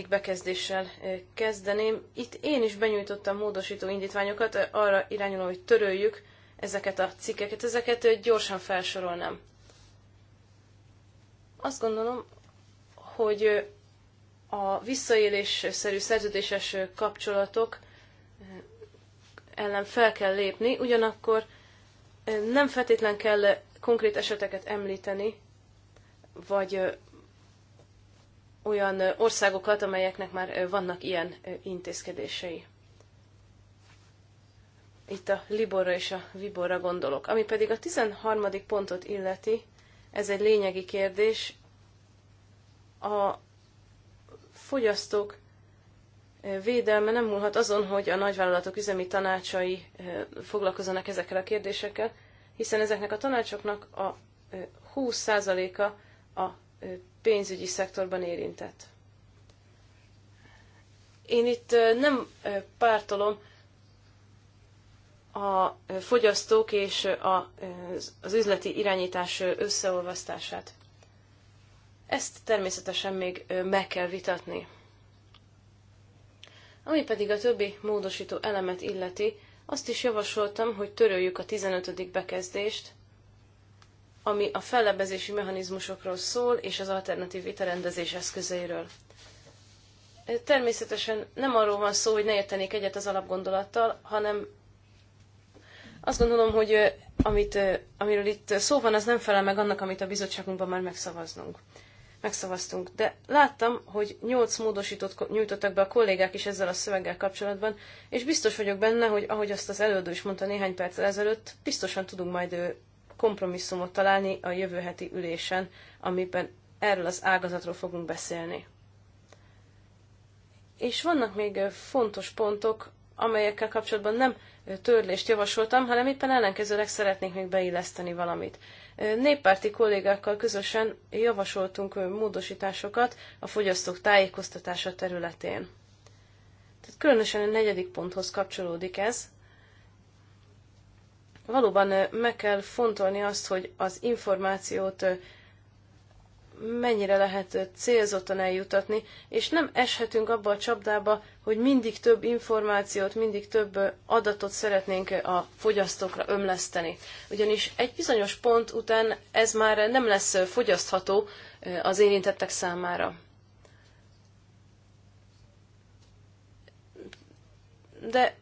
második bekezdéssel kezdeném. Itt én is benyújtottam módosító indítványokat, arra irányuló, hogy töröljük ezeket a cikkeket. Ezeket gyorsan felsorolnám. Azt gondolom, hogy a visszaélésszerű szerződéses kapcsolatok ellen fel kell lépni, ugyanakkor nem feltétlen kell konkrét eseteket említeni, vagy olyan országokat, amelyeknek már vannak ilyen intézkedései. Itt a Liborra és a Viborra gondolok. Ami pedig a 13. pontot illeti, ez egy lényegi kérdés. A fogyasztók védelme nem múlhat azon, hogy a nagyvállalatok üzemi tanácsai foglalkozanak ezekkel a kérdésekkel, hiszen ezeknek a tanácsoknak a 20%-a a pénzügyi szektorban érintett. Én itt nem pártolom a fogyasztók és az üzleti irányítás összeolvasztását. Ezt természetesen még meg kell vitatni. Ami pedig a többi módosító elemet illeti, azt is javasoltam, hogy töröljük a 15. bekezdést, ami a fellebezési mechanizmusokról szól és az alternatív vitarendezés eszközeiről. Természetesen nem arról van szó, hogy ne értenék egyet az alapgondolattal, hanem azt gondolom, hogy amit, amiről itt szó van, az nem felel meg annak, amit a bizottságunkban már megszavaznunk. Megszavaztunk. De láttam, hogy nyolc módosítót nyújtottak be a kollégák is ezzel a szöveggel kapcsolatban, és biztos vagyok benne, hogy ahogy azt az előadó is mondta néhány perccel ezelőtt, biztosan tudunk majd kompromisszumot találni a jövő heti ülésen, amiben erről az ágazatról fogunk beszélni. És vannak még fontos pontok, amelyekkel kapcsolatban nem törlést javasoltam, hanem éppen ellenkezőleg szeretnék még beilleszteni valamit. Néppárti kollégákkal közösen javasoltunk módosításokat a fogyasztók tájékoztatása területén. Tehát különösen a negyedik ponthoz kapcsolódik ez, valóban meg kell fontolni azt, hogy az információt mennyire lehet célzottan eljutatni, és nem eshetünk abba a csapdába, hogy mindig több információt, mindig több adatot szeretnénk a fogyasztókra ömleszteni. Ugyanis egy bizonyos pont után ez már nem lesz fogyasztható az érintettek számára. De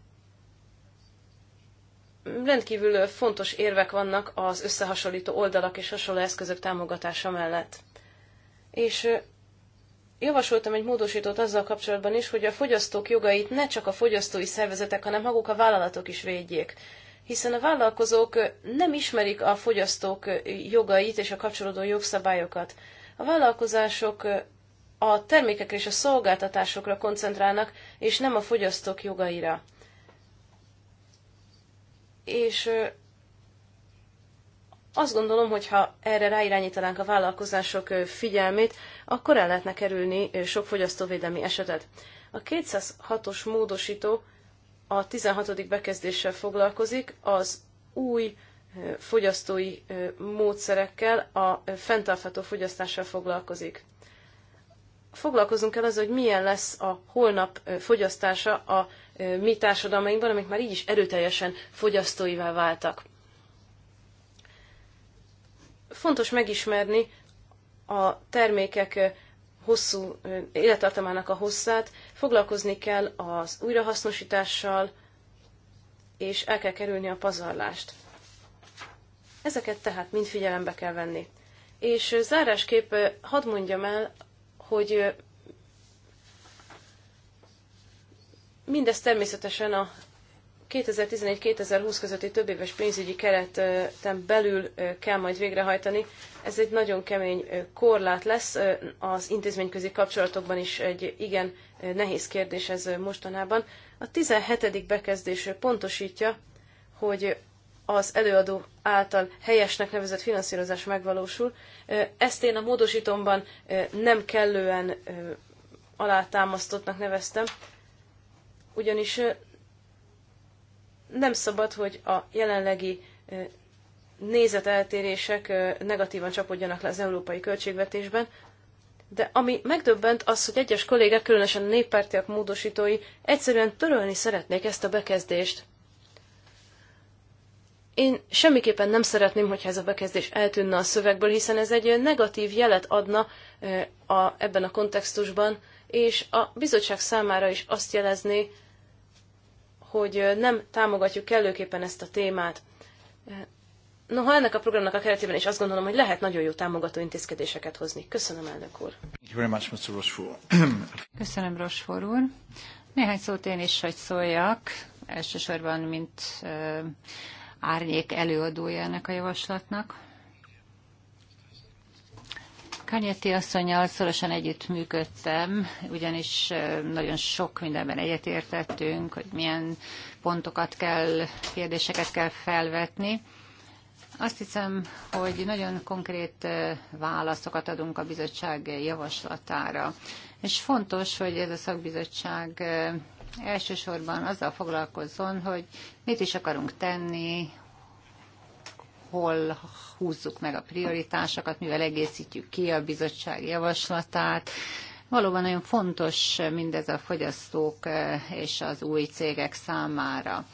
rendkívül fontos érvek vannak az összehasonlító oldalak és hasonló eszközök támogatása mellett. És javasoltam egy módosítót azzal kapcsolatban is, hogy a fogyasztók jogait ne csak a fogyasztói szervezetek, hanem maguk a vállalatok is védjék. Hiszen a vállalkozók nem ismerik a fogyasztók jogait és a kapcsolódó jogszabályokat. A vállalkozások a termékekre és a szolgáltatásokra koncentrálnak, és nem a fogyasztók jogaira és azt gondolom, hogy ha erre ráirányítanánk a vállalkozások figyelmét, akkor el lehetne kerülni sok fogyasztóvédelmi esetet. A 206-os módosító a 16. bekezdéssel foglalkozik, az új fogyasztói módszerekkel, a fenntartható fogyasztással foglalkozik. Foglalkozunk el az, hogy milyen lesz a holnap fogyasztása a mi társadalmainkban, amik már így is erőteljesen fogyasztóivá váltak. Fontos megismerni a termékek eh, hosszú eh, élettartamának a hosszát, foglalkozni kell az újrahasznosítással, és el kell kerülni a pazarlást. Ezeket tehát mind figyelembe kell venni. És eh, zárásképp hadd mondjam el, hogy Mindez természetesen a 2011-2020 közötti többéves pénzügyi kereten belül kell majd végrehajtani. Ez egy nagyon kemény korlát lesz, az intézményközi kapcsolatokban is egy igen nehéz kérdés ez mostanában. A 17. bekezdés pontosítja, hogy az előadó által helyesnek nevezett finanszírozás megvalósul. Ezt én a módosítomban nem kellően alátámasztottnak neveztem, ugyanis nem szabad, hogy a jelenlegi nézeteltérések negatívan csapódjanak le az európai költségvetésben, de ami megdöbbent az, hogy egyes kollégák, különösen a néppártiak módosítói egyszerűen törölni szeretnék ezt a bekezdést. Én semmiképpen nem szeretném, hogyha ez a bekezdés eltűnne a szövegből, hiszen ez egy negatív jelet adna a, ebben a kontextusban, és a bizottság számára is azt jelezné, hogy nem támogatjuk kellőképpen ezt a témát. Noha ennek a programnak a keretében is azt gondolom, hogy lehet nagyon jó támogató intézkedéseket hozni. Köszönöm, elnök úr. Köszönöm, Rosfor úr. Néhány szót én is, hogy szóljak, elsősorban, mint árnyék előadója ennek a javaslatnak. Kanyeti asszonyjal szorosan együttműködtem, ugyanis nagyon sok mindenben egyetértettünk, hogy milyen pontokat kell, kérdéseket kell felvetni. Azt hiszem, hogy nagyon konkrét válaszokat adunk a bizottság javaslatára. És fontos, hogy ez a szakbizottság elsősorban azzal foglalkozzon, hogy mit is akarunk tenni, hol húzzuk meg a prioritásokat, mivel egészítjük ki a bizottság javaslatát. Valóban nagyon fontos mindez a fogyasztók eh, és az új cégek számára.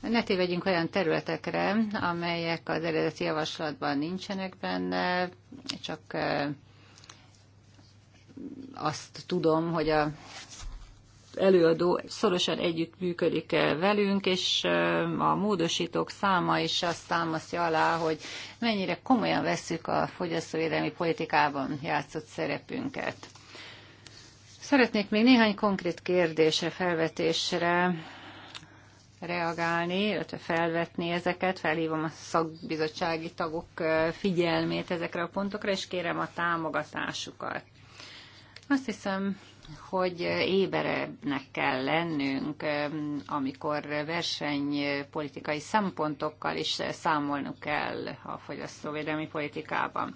Ne tévedjünk olyan területekre, amelyek az eredeti javaslatban nincsenek benne, csak eh, azt tudom, hogy a előadó szorosan együttműködik eh, velünk, és eh, a módosítók száma is azt támasztja alá, hogy mennyire komolyan vesszük a fogyasztóvédelmi politikában játszott szerepünket. Szeretnék még néhány konkrét kérdésre, felvetésre reagálni, illetve felvetni ezeket. Felhívom a szakbizottsági tagok eh, figyelmét ezekre a pontokra, és kérem a támogatásukat. Azt hiszem, hogy éberebbnek kell lennünk, amikor versenypolitikai szempontokkal is számolnunk kell a fogyasztóvédelmi politikában.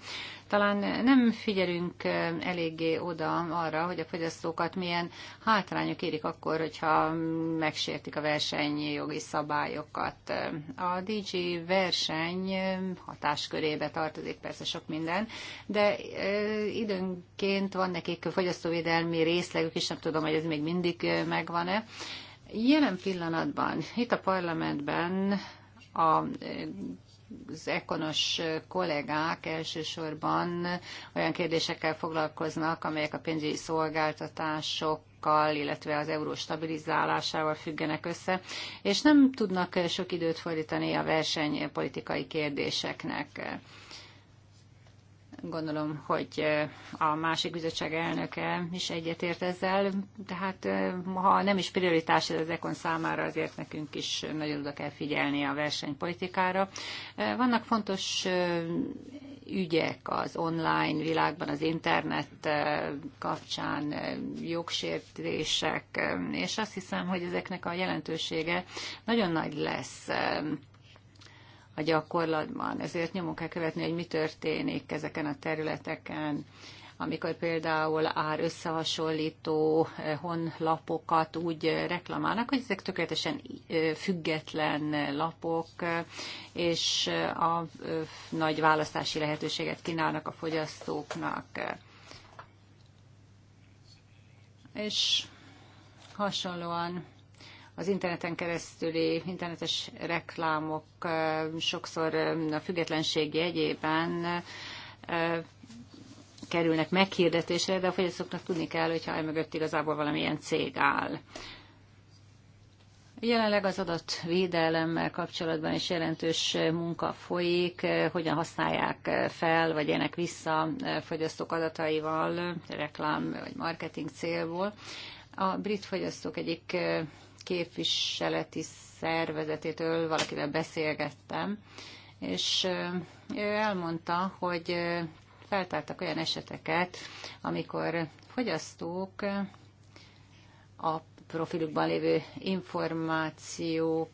Talán nem figyelünk eléggé oda arra, hogy a fogyasztókat milyen hátrányok érik akkor, hogyha megsértik a versenyjogi szabályokat. A DG verseny hatáskörébe tartozik persze sok minden, de időnként van nekik fogyasztóvédelmi rész, részlegük is, nem tudom, hogy ez még mindig megvan-e. Jelen pillanatban itt a parlamentben a az ekonos kollégák elsősorban olyan kérdésekkel foglalkoznak, amelyek a pénzügyi szolgáltatásokkal illetve az euró stabilizálásával függenek össze, és nem tudnak sok időt fordítani a versenypolitikai kérdéseknek. Gondolom, hogy a másik bizottság elnöke is egyetért ezzel, tehát ha nem is prioritás ez az ECON számára, azért nekünk is nagyon oda kell figyelni a versenypolitikára. Vannak fontos ügyek az online világban, az internet kapcsán, jogsértések, és azt hiszem, hogy ezeknek a jelentősége nagyon nagy lesz a gyakorlatban. Ezért nyomon kell követni, hogy mi történik ezeken a területeken amikor például ár összehasonlító eh, honlapokat úgy eh, reklamálnak, hogy ezek tökéletesen eh, független lapok, és a nagy választási lehetőséget kínálnak a fogyasztóknak. És hasonlóan az interneten keresztüli internetes reklámok sokszor a függetlenség jegyében kerülnek meghirdetésre, de a fogyasztóknak tudni kell, hogyha e mögött igazából valamilyen cég áll. Jelenleg az adatvédelemmel kapcsolatban is jelentős munka folyik, hogyan használják fel, vagy ennek vissza fogyasztók adataival, reklám vagy marketing célból. A brit fogyasztók egyik képviseleti szervezetétől valakivel beszélgettem, és ő elmondta, hogy feltártak olyan eseteket, amikor fogyasztók a profilukban lévő információk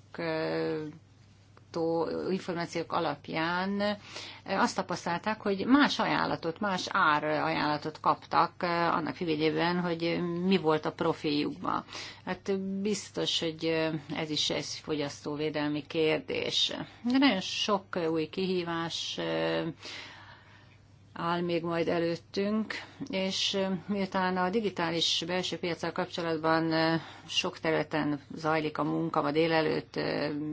információk alapján azt tapasztalták, hogy más ajánlatot, más ár ajánlatot kaptak eh, annak függvényében, hogy mi volt a profiljukban. Hát biztos, hogy eh, ez is egy fogyasztóvédelmi kérdés. De nagyon sok új kihívás eh, áll még majd előttünk, és miután a digitális belső piacsal kapcsolatban sok területen zajlik a munka, ma délelőtt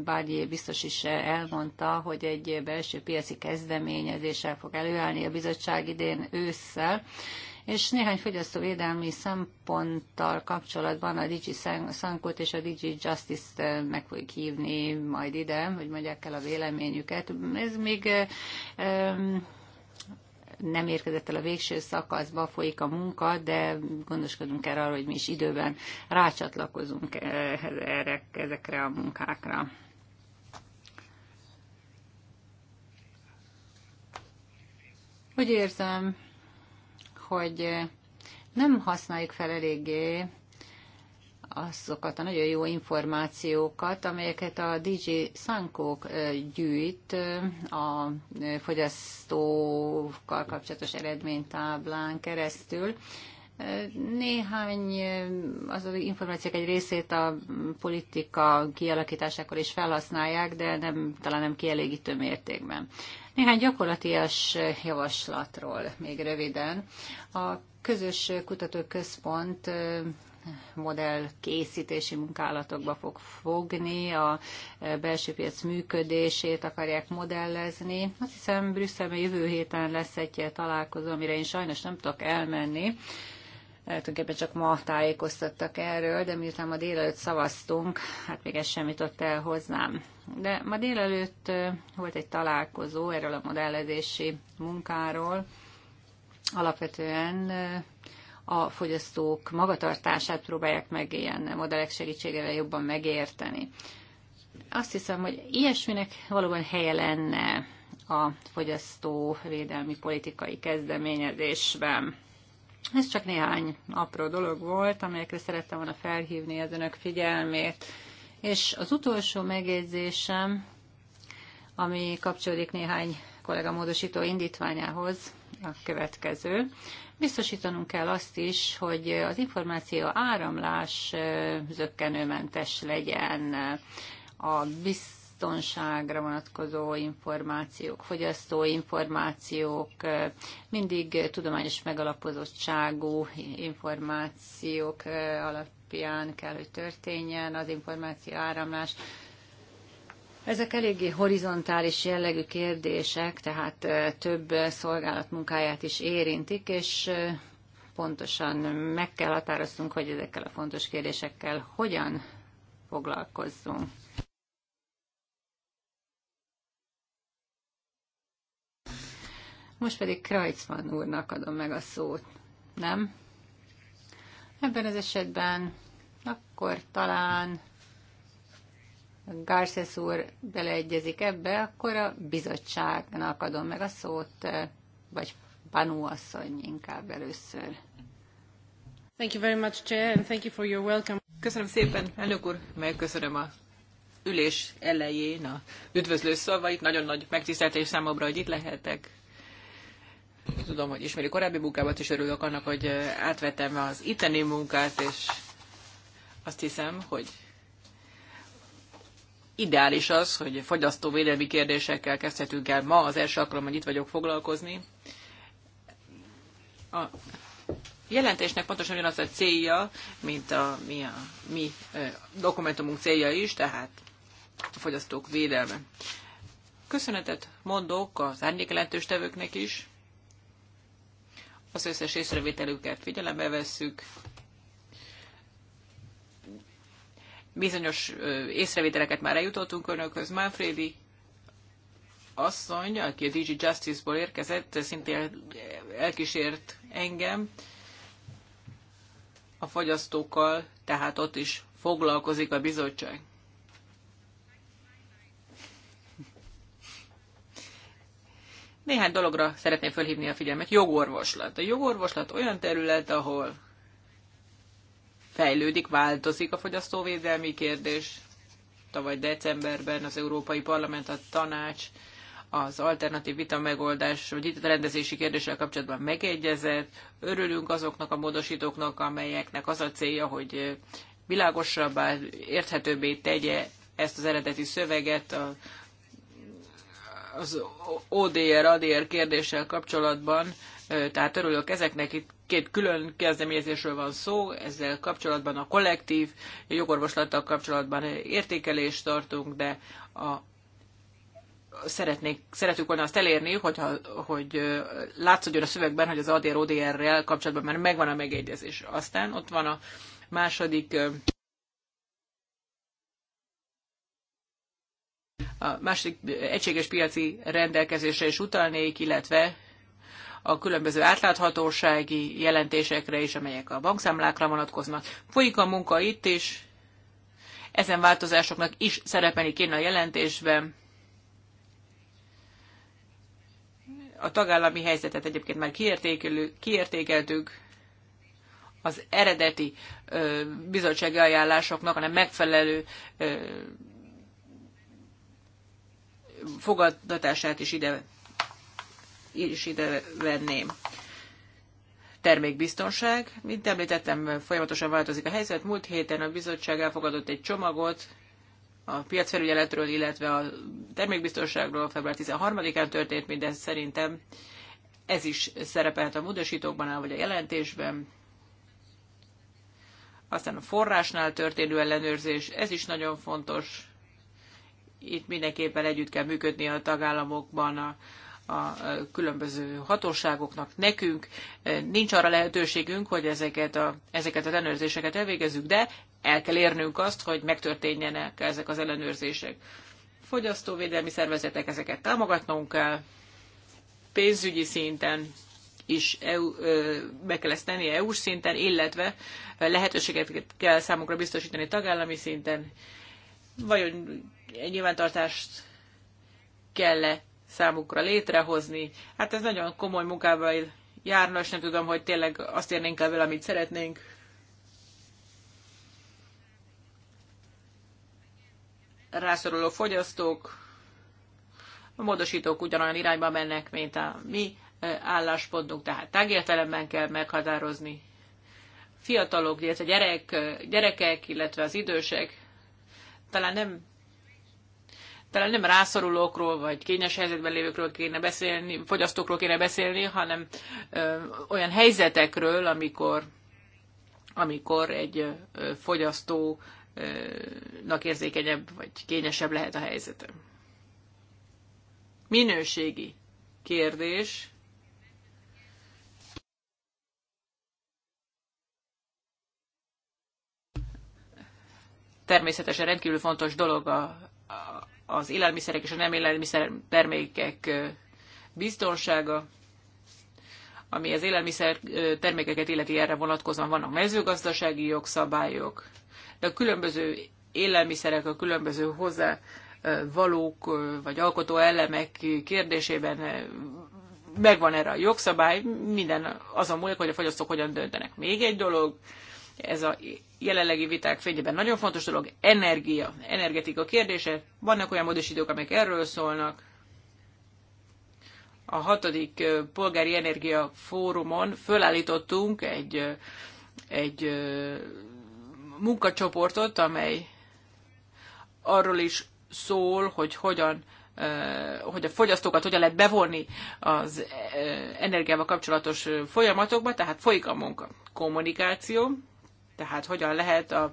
Bárgyi biztos is elmondta, hogy egy belső piaci kezdeményezéssel fog előállni a bizottság idén ősszel, és néhány fogyasztóvédelmi szemponttal kapcsolatban a Digi Sankot és a Digi Justice-t meg fogjuk hívni majd ide, hogy mondják el a véleményüket. Ez még um, nem érkezett el a végső szakaszba, folyik a munka, de gondoskodunk erre arra, hogy mi is időben rácsatlakozunk erre, ezekre a munkákra. Úgy érzem, hogy nem használjuk fel eléggé azokat a nagyon jó információkat, amelyeket a DJ Sankók gyűjt a fogyasztókkal kapcsolatos eredménytáblán keresztül. Néhány az információk egy részét a politika kialakításakor is felhasználják, de nem, talán nem kielégítő mértékben. Néhány gyakorlatias javaslatról még röviden. A közös kutatóközpont modell készítési munkálatokba fog fogni, a belső piac működését akarják modellezni. Azt hiszem Brüsszelben jövő héten lesz egy találkozó, amire én sajnos nem tudok elmenni, tulajdonképpen csak ma tájékoztattak erről, de miután ma délelőtt szavaztunk, hát még ez sem jutott el hozzám. De ma délelőtt volt egy találkozó erről a modellezési munkáról. Alapvetően a fogyasztók magatartását próbálják meg ilyen modellek segítségével jobban megérteni. Azt hiszem, hogy ilyesminek valóban helye lenne a fogyasztóvédelmi politikai kezdeményezésben. Ez csak néhány apró dolog volt, amelyekre szerettem volna felhívni az önök figyelmét. És az utolsó megjegyzésem, ami kapcsolódik néhány kollega módosító indítványához, a következő. Biztosítanunk kell azt is, hogy az információ áramlás zöggenőmentes legyen, a biztonságra vonatkozó információk, fogyasztó információk, mindig tudományos megalapozottságú információk alapján kell, hogy történjen az információ áramlás. Ezek eléggé horizontális jellegű kérdések, tehát több szolgálat munkáját is érintik, és pontosan meg kell határoznunk, hogy ezekkel a fontos kérdésekkel hogyan foglalkozzunk. Most pedig Kreutzmann úrnak adom meg a szót, nem? Ebben az esetben akkor talán Garces úr beleegyezik ebbe, akkor a bizottságnak adom meg a szót, vagy Panu asszony inkább először. Thank you very much, Chair, and thank you for your welcome. Köszönöm szépen, elnök úr, megköszönöm a ülés elején a üdvözlő szavait. Nagyon nagy megtiszteltés számomra, hogy itt lehetek. Tudom, hogy ismeri korábbi munkámat, is, örülök annak, hogy átvettem az itteni munkát, és azt hiszem, hogy ideális az, hogy fogyasztóvédelmi kérdésekkel kezdhetünk el ma, az első alkalom, hogy itt vagyok foglalkozni. A jelentésnek pontosan ugyanaz a célja, mint a mi, a, mi dokumentumunk célja is, tehát a fogyasztók védelme. Köszönetet mondok az árnyékelentős tevőknek is. Az összes észrevételüket figyelembe vesszük, Bizonyos észrevételeket már eljutottunk önökhöz. Manfredi asszony, aki a DG Justice-ból érkezett, szintén elkísért engem a fogyasztókkal, tehát ott is foglalkozik a bizottság. Néhány dologra szeretném fölhívni a figyelmet. Jogorvoslat. A jogorvoslat olyan terület, ahol fejlődik, változik a fogyasztóvédelmi kérdés. Tavaly decemberben az Európai Parlament, a tanács az alternatív vita megoldás, vagy itt rendezési kérdéssel kapcsolatban megegyezett. Örülünk azoknak a módosítóknak, amelyeknek az a célja, hogy világosabbá, érthetőbbé tegye ezt az eredeti szöveget a, az ODR-ADR kérdéssel kapcsolatban tehát örülök ezeknek. Itt két külön kezdeményezésről van szó, ezzel kapcsolatban a kollektív jogorvoslattal kapcsolatban értékelést tartunk, de a Szeretnék, szeretük volna azt elérni, hogyha, hogy látszódjon a szövegben, hogy az ADR-ODR-rel kapcsolatban már megvan a megegyezés. Aztán ott van a második a második egységes piaci rendelkezésre is utalnék, illetve a különböző átláthatósági jelentésekre is, amelyek a bankszámlákra vonatkoznak. Folyik a munka itt is, ezen változásoknak is szerepelni kéne a jelentésben. A tagállami helyzetet egyébként már kiértékeltük, az eredeti ö, bizottsági ajánlásoknak, hanem megfelelő ö, fogadatását is ide is ide venném. Termékbiztonság. Mint említettem, folyamatosan változik a helyzet. Múlt héten a bizottság elfogadott egy csomagot a piacfelügyeletről, illetve a termékbiztonságról február 13-án történt mindez szerintem. Ez is szerepelt a módosítókban, vagy a jelentésben aztán a forrásnál történő ellenőrzés, ez is nagyon fontos. Itt mindenképpen együtt kell működni a tagállamokban a, a különböző hatóságoknak, nekünk e, nincs arra lehetőségünk, hogy ezeket a, ezeket az ellenőrzéseket elvégezzük, de el kell érnünk azt, hogy megtörténjenek ezek az ellenőrzések. Fogyasztóvédelmi szervezetek ezeket támogatnunk kell, pénzügyi szinten is EU, e, be kell ezt tenni EU-s szinten, illetve lehetőséget kell számukra biztosítani tagállami szinten, vagy egy nyilvántartást kell -e számukra létrehozni. Hát ez nagyon komoly munkával járna, és nem tudom, hogy tényleg azt érnénk el vele, amit szeretnénk. Rászoruló fogyasztók, a módosítók ugyanolyan irányba mennek, mint a mi álláspontunk, tehát tágértelemben kell meghatározni. Fiatalok, illetve gyerek, gyerekek, illetve az idősek talán nem talán nem rászorulókról, vagy kényes helyzetben lévőkről kéne beszélni, fogyasztókról kéne beszélni, hanem ö, olyan helyzetekről, amikor, amikor egy ö, fogyasztónak érzékenyebb, vagy kényesebb lehet a helyzete. Minőségi kérdés. Természetesen rendkívül fontos dolog a, az élelmiszerek és a nem élelmiszer termékek biztonsága, ami az élelmiszer termékeket illeti erre vonatkozóan vannak mezőgazdasági jogszabályok, de a különböző élelmiszerek, a különböző hozzá valók vagy alkotó elemek kérdésében megvan erre a jogszabály, minden azon múlik, hogy a fogyasztók hogyan döntenek. Még egy dolog, ez a jelenlegi viták fényében nagyon fontos dolog, energia, energetika kérdése. Vannak olyan módosítók, amelyek erről szólnak. A hatodik polgári energia fórumon fölállítottunk egy, egy munkacsoportot, amely arról is szól, hogy hogyan hogy a fogyasztókat hogyan lehet bevonni az energiával kapcsolatos folyamatokba, tehát folyik a munka. Kommunikáció, tehát hogyan lehet a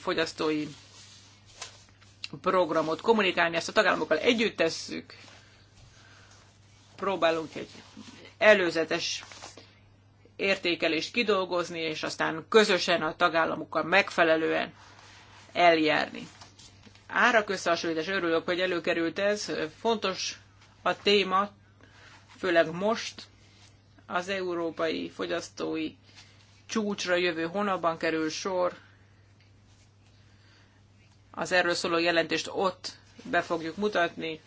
fogyasztói programot kommunikálni, ezt a tagállamokkal együtt tesszük, próbálunk egy előzetes értékelést kidolgozni, és aztán közösen a tagállamokkal megfelelően eljárni. Árak összehasonlítás, örülök, hogy előkerült ez. Fontos a téma, főleg most az európai fogyasztói csúcsra jövő hónapban kerül sor. Az erről szóló jelentést ott be fogjuk mutatni.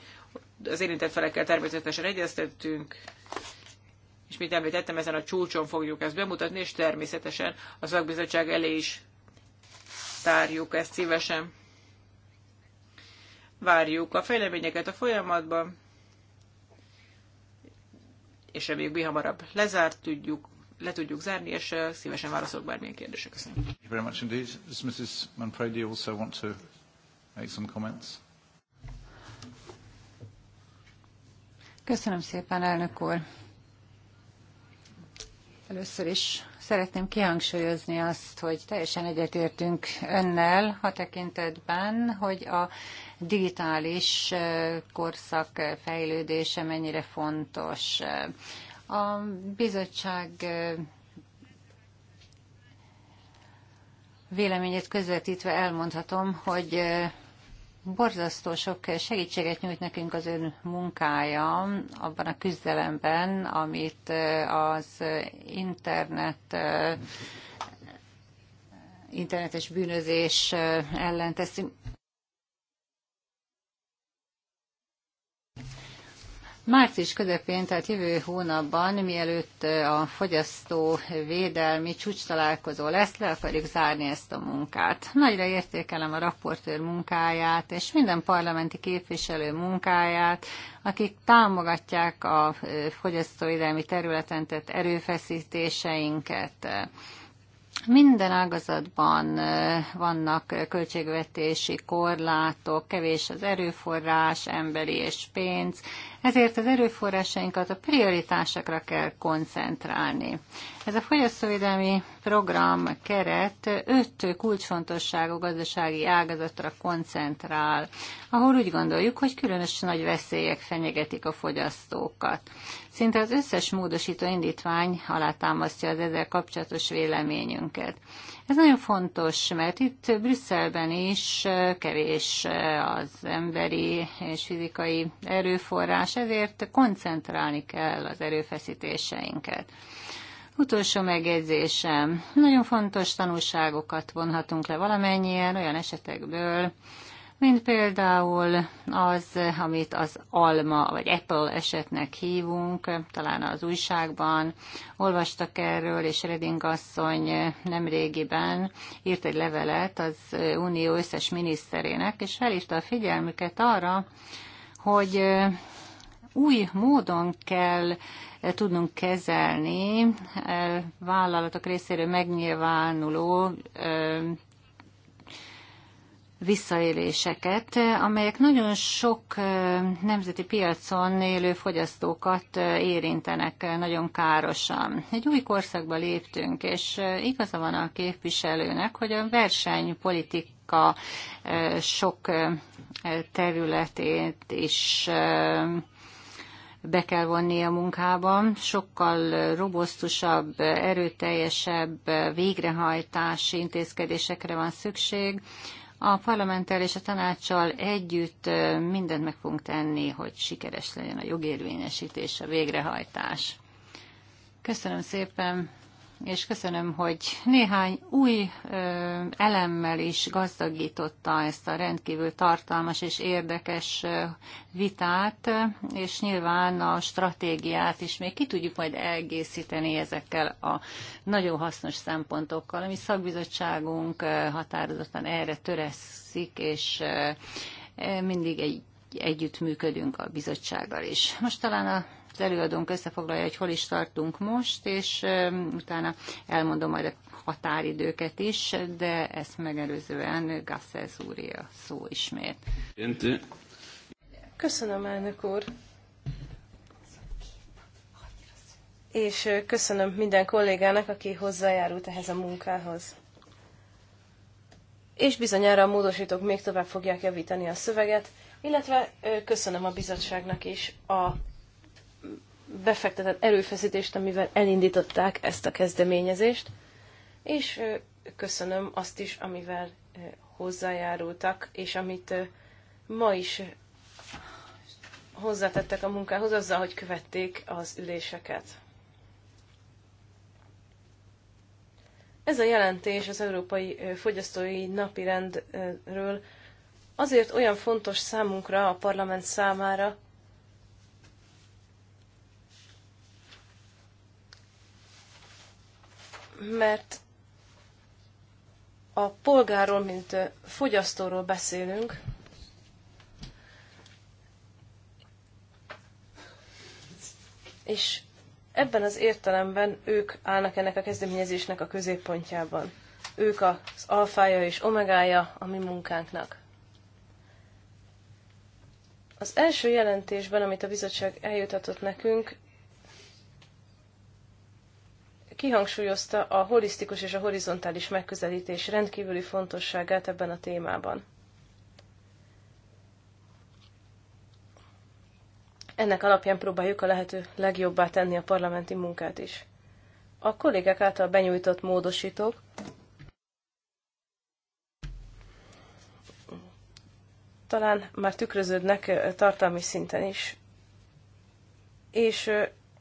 Az érintett felekkel természetesen egyeztettünk, és mint említettem, ezen a csúcson fogjuk ezt bemutatni, és természetesen a szakbizottság elé is tárjuk ezt szívesen. Várjuk a fejleményeket a folyamatban, és reméljük mi hamarabb lezárt tudjuk le tudjuk zárni, és szívesen válaszolok bármilyen kérdésre. Köszönöm. Thank you very much indeed. Does Mrs. Manfredi also want to make some comments? Köszönöm szépen, elnök úr. Először is szeretném kihangsúlyozni azt, hogy teljesen egyetértünk önnel a tekintetben, hogy a digitális korszak fejlődése mennyire fontos. A bizottság véleményét közvetítve elmondhatom, hogy borzasztó sok segítséget nyújt nekünk az ön munkája abban a küzdelemben, amit az internet internetes bűnözés ellen teszünk. Március közepén, tehát jövő hónapban, mielőtt a fogyasztó védelmi csúcs találkozó lesz, le akarjuk zárni ezt a munkát. Nagyra értékelem a raportőr munkáját, és minden parlamenti képviselő munkáját, akik támogatják a fogyasztóvédelmi területen tett erőfeszítéseinket. Minden ágazatban vannak költségvetési korlátok, kevés az erőforrás, emberi és pénz, ezért az erőforrásainkat a prioritásokra kell koncentrálni. Ez a fogyasztóvédelmi program keret öt kulcsfontosságú gazdasági ágazatra koncentrál, ahol úgy gondoljuk, hogy különös nagy veszélyek fenyegetik a fogyasztókat. Szinte az összes módosító indítvány alátámasztja az ezzel kapcsolatos véleményünket. Ez nagyon fontos, mert itt Brüsszelben is kevés az emberi és fizikai erőforrás, ezért koncentrálni kell az erőfeszítéseinket. Utolsó megjegyzésem. Nagyon fontos tanulságokat vonhatunk le valamennyien olyan esetekből, mint például az, amit az alma vagy Apple esetnek hívunk, talán az újságban olvastak erről, és Reding asszony nemrégiben írt egy levelet az Unió összes miniszterének, és felhívta a figyelmüket arra, hogy új módon kell tudnunk kezelni vállalatok részéről megnyilvánuló visszaéléseket, amelyek nagyon sok nemzeti piacon élő fogyasztókat érintenek nagyon károsan. Egy új korszakba léptünk, és igaza van a képviselőnek, hogy a versenypolitika sok területét is be kell vonni a munkában, sokkal robosztusabb, erőteljesebb végrehajtási intézkedésekre van szükség, a parlamenttel és a tanácssal együtt mindent meg fogunk tenni, hogy sikeres legyen a jogérvényesítés, a végrehajtás. Köszönöm szépen, és köszönöm, hogy néhány új elemmel is gazdagította ezt a rendkívül tartalmas és érdekes vitát, és nyilván a stratégiát is még ki tudjuk majd elgészíteni ezekkel a nagyon hasznos szempontokkal, ami szakbizottságunk határozottan erre törekszik, és mindig egy együttműködünk a bizottsággal is. Most talán a az előadónk összefoglalja, hogy hol is tartunk most, és utána elmondom majd a határidőket is, de ezt megelőzően Gassez úré a szó ismét. Köszönöm, elnök úr! És köszönöm minden kollégának, aki hozzájárult ehhez a munkához. És bizonyára a módosítók még tovább fogják javítani a szöveget, illetve köszönöm a bizottságnak is a befektetett erőfeszítést, amivel elindították ezt a kezdeményezést, és köszönöm azt is, amivel hozzájárultak, és amit ma is hozzátettek a munkához azzal, hogy követték az üléseket. Ez a jelentés az Európai Fogyasztói Napirendről azért olyan fontos számunkra, a parlament számára, mert a polgárról, mint fogyasztóról beszélünk, és ebben az értelemben ők állnak ennek a kezdeményezésnek a középpontjában. Ők az alfája és omegája a mi munkánknak. Az első jelentésben, amit a bizottság eljutatott nekünk, kihangsúlyozta a holisztikus és a horizontális megközelítés rendkívüli fontosságát ebben a témában. Ennek alapján próbáljuk a lehető legjobbá tenni a parlamenti munkát is. A kollégák által benyújtott módosítók talán már tükröződnek tartalmi szinten is. És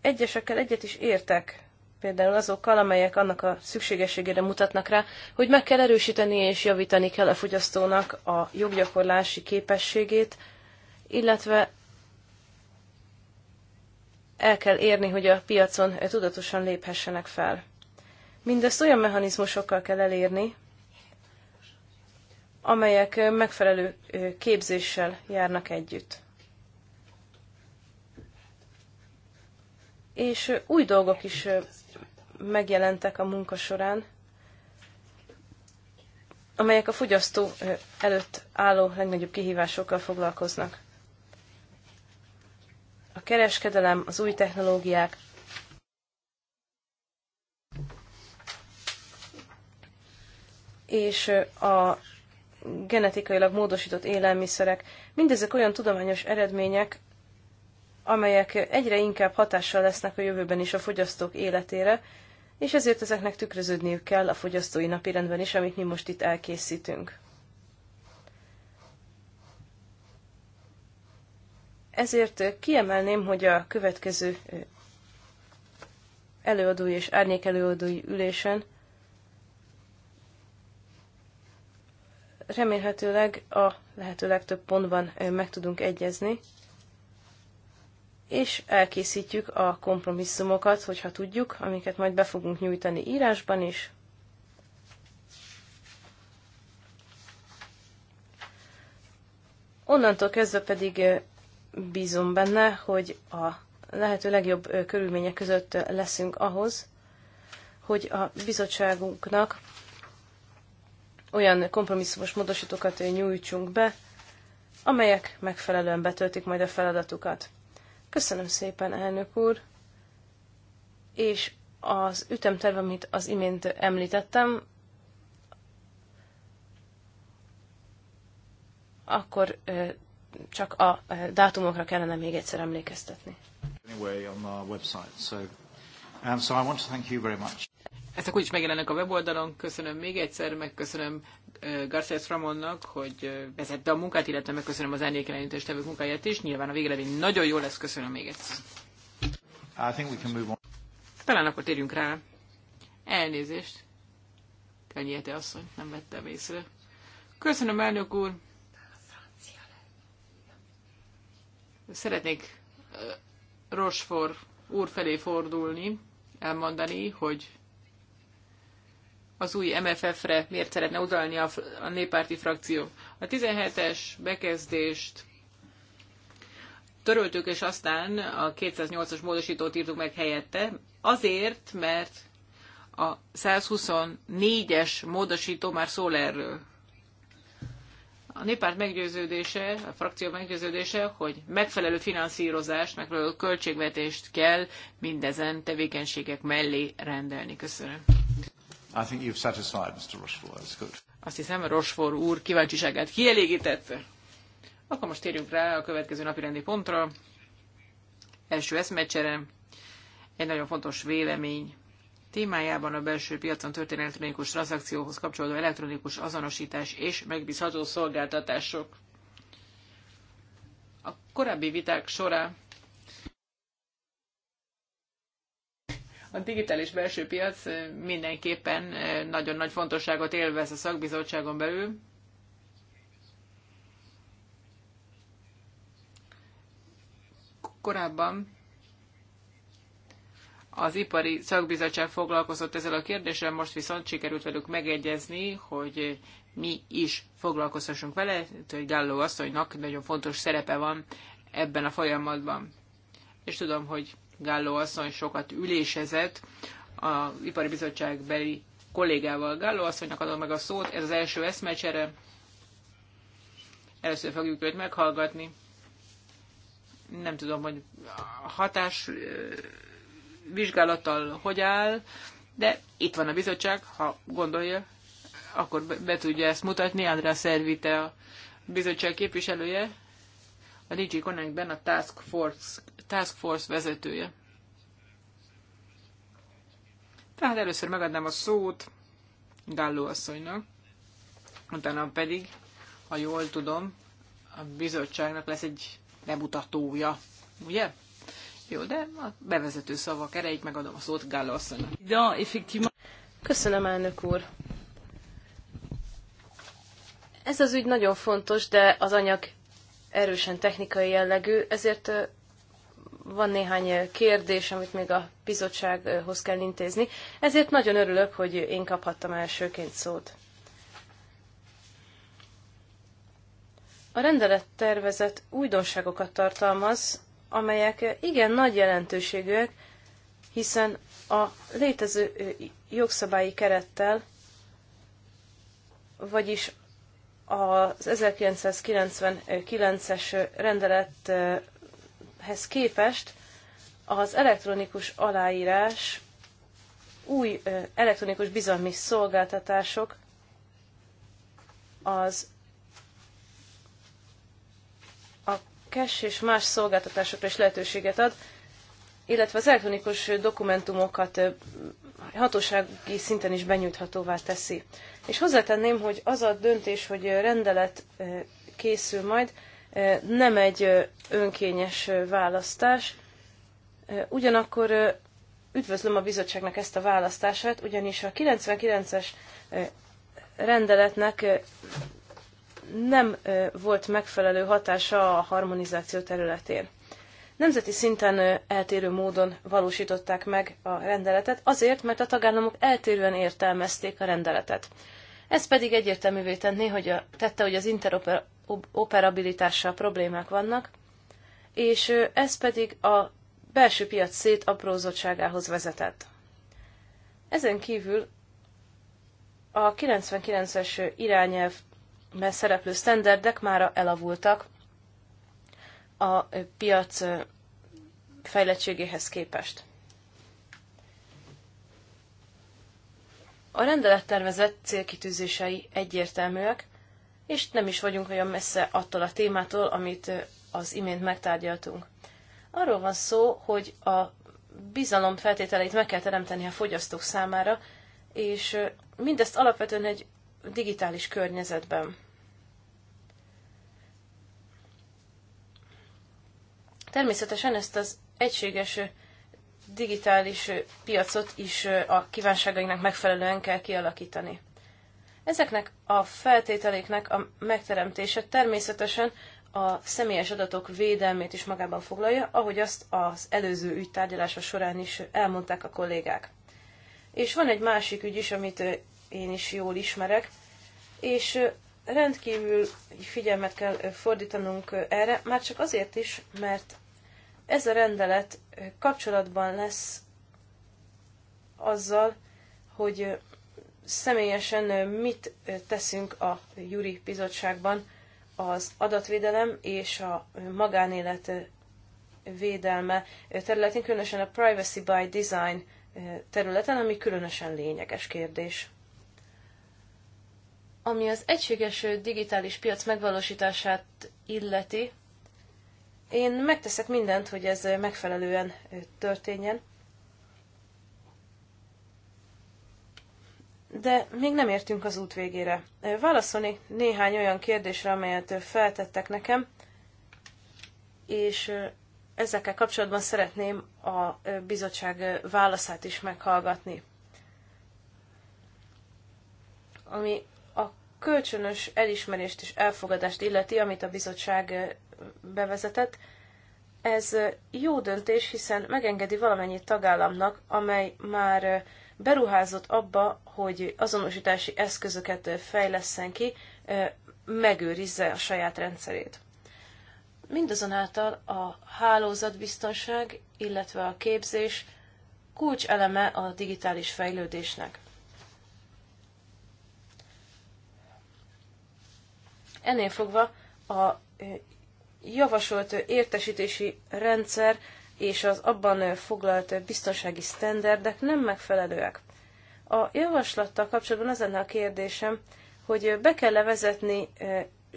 egyesekkel egyet is értek például azokkal, amelyek annak a szükségességére mutatnak rá, hogy meg kell erősíteni és javítani kell a fogyasztónak a joggyakorlási képességét, illetve el kell érni, hogy a piacon tudatosan léphessenek fel. Mindezt olyan mechanizmusokkal kell elérni, amelyek megfelelő képzéssel járnak együtt. És új dolgok is megjelentek a munka során, amelyek a fogyasztó előtt álló legnagyobb kihívásokkal foglalkoznak. A kereskedelem, az új technológiák, és a genetikailag módosított élelmiszerek. Mindezek olyan tudományos eredmények, amelyek egyre inkább hatással lesznek a jövőben is a fogyasztók életére, és ezért ezeknek tükröződniük kell a fogyasztói napirendben is, amit mi most itt elkészítünk. Ezért kiemelném, hogy a következő előadói és árnyék előadói ülésen remélhetőleg a lehető legtöbb pontban meg tudunk egyezni és elkészítjük a kompromisszumokat, hogyha tudjuk, amiket majd be fogunk nyújtani írásban is. Onnantól kezdve pedig bízom benne, hogy a lehető legjobb körülmények között leszünk ahhoz, hogy a bizottságunknak olyan kompromisszumos módosítókat nyújtsunk be, amelyek megfelelően betöltik majd a feladatukat. Köszönöm szépen, elnök úr. És az ütemterv, amit az imént említettem, akkor csak a dátumokra kellene még egyszer emlékeztetni. Ezek úgyis megjelennek a weboldalon. Köszönöm még egyszer, megköszönöm Garcés Ramonnak, hogy vezette a munkát, illetve megköszönöm az elnékelenítős tevők munkáját is. Nyilván a végeredmény nagyon jó lesz, köszönöm még egyszer. I think we can move on. Talán akkor térjünk rá. Elnézést. Kenyéte asszony, nem vettem észre. Köszönöm, elnök úr. Szeretnék Rochefort úr felé fordulni, elmondani, hogy az új MFF-re miért szeretne utalni a, a néppárti frakció. A 17-es bekezdést töröltük, és aztán a 208-as módosítót írtuk meg helyette, azért, mert a 124-es módosító már szól erről. A néppárt meggyőződése, a frakció meggyőződése, hogy megfelelő finanszírozást, megfelelő költségvetést kell mindezen tevékenységek mellé rendelni. Köszönöm. I think you've satisfied Mr. Rochefort. That's good. Azt hiszem, Rochefort úr kíváncsiságát kielégítette. Akkor most térjünk rá a következő napi rendi pontra. Első eszmecsere. Egy nagyon fontos vélemény témájában a belső piacon történő elektronikus tranzakcióhoz kapcsolódó elektronikus azonosítás és megbízható szolgáltatások. A korábbi viták során A digitális belső piac mindenképpen nagyon nagy fontosságot élvez a szakbizottságon belül. Korábban az ipari szakbizottság foglalkozott ezzel a kérdéssel, most viszont sikerült velük megegyezni, hogy mi is foglalkozhassunk vele, hogy Gálló asszonynak nagyon fontos szerepe van ebben a folyamatban. És tudom, hogy Gálló asszony sokat ülésezett a Ipari Bizottság beli kollégával. Gálló asszonynak adom meg a szót, ez az első eszmecsere. Először fogjuk őt meghallgatni. Nem tudom, hogy a hatás vizsgálattal hogy áll, de itt van a bizottság, ha gondolja, akkor be, be tudja ezt mutatni. András Szervite a bizottság képviselője a DG Connectben a Task Force, Task Force vezetője. Tehát először megadnám a szót Gálló asszonynak, utána pedig, ha jól tudom, a bizottságnak lesz egy bemutatója, ugye? Jó, de a bevezető szavak erejéig megadom a szót Gálló asszonynak. Ja, effektívan. Köszönöm, elnök úr. Ez az ügy nagyon fontos, de az anyag erősen technikai jellegű, ezért van néhány kérdés, amit még a bizottsághoz kell intézni, ezért nagyon örülök, hogy én kaphattam elsőként szót. A rendelettervezet újdonságokat tartalmaz, amelyek igen nagy jelentőségűek, hiszen a létező jogszabályi kerettel, vagyis az 1999-es rendelethez képest az elektronikus aláírás új elektronikus bizalmi szolgáltatások az a cash és más szolgáltatásokra is lehetőséget ad, illetve az elektronikus dokumentumokat hatósági szinten is benyújthatóvá teszi. És hozzátenném, hogy az a döntés, hogy rendelet készül majd, nem egy önkényes választás. Ugyanakkor üdvözlöm a bizottságnak ezt a választását, ugyanis a 99-es rendeletnek nem volt megfelelő hatása a harmonizáció területén. Nemzeti szinten eltérő módon valósították meg a rendeletet, azért, mert a tagállamok eltérően értelmezték a rendeletet. Ez pedig egyértelművé tenné, hogy a, tette, hogy az interoperabilitással problémák vannak, és ez pedig a belső piac szétaprózottságához vezetett. Ezen kívül a 99-es irányelvben szereplő sztenderdek mára elavultak, a piac fejlettségéhez képest. A rendelettervezet célkitűzései egyértelműek, és nem is vagyunk olyan messze attól a témától, amit az imént megtárgyaltunk. Arról van szó, hogy a bizalom feltételeit meg kell teremteni a fogyasztók számára, és mindezt alapvetően egy digitális környezetben. Természetesen ezt az egységes digitális piacot is a kívánságainknak megfelelően kell kialakítani. Ezeknek a feltételéknek a megteremtése természetesen a személyes adatok védelmét is magában foglalja, ahogy azt az előző ügytárgyalása során is elmondták a kollégák. És van egy másik ügy is, amit én is jól ismerek, és rendkívül figyelmet kell fordítanunk erre, már csak azért is, mert ez a rendelet kapcsolatban lesz azzal, hogy személyesen mit teszünk a Juri Bizottságban az adatvédelem és a magánélet védelme területén, különösen a Privacy by Design területen, ami különösen lényeges kérdés. Ami az egységes digitális piac megvalósítását illeti, én megteszek mindent, hogy ez megfelelően történjen. De még nem értünk az út végére. Válaszolni néhány olyan kérdésre, amelyet feltettek nekem, és ezekkel kapcsolatban szeretném a bizottság válaszát is meghallgatni. Ami kölcsönös elismerést és elfogadást illeti, amit a bizottság bevezetett, ez jó döntés, hiszen megengedi valamennyi tagállamnak, amely már beruházott abba, hogy azonosítási eszközöket fejleszen ki, megőrizze a saját rendszerét. Mindazonáltal a hálózatbiztonság, illetve a képzés kulcseleme a digitális fejlődésnek. Ennél fogva a javasolt értesítési rendszer és az abban foglalt biztonsági sztenderdek nem megfelelőek. A javaslattal kapcsolatban az lenne a kérdésem, hogy be kell levezetni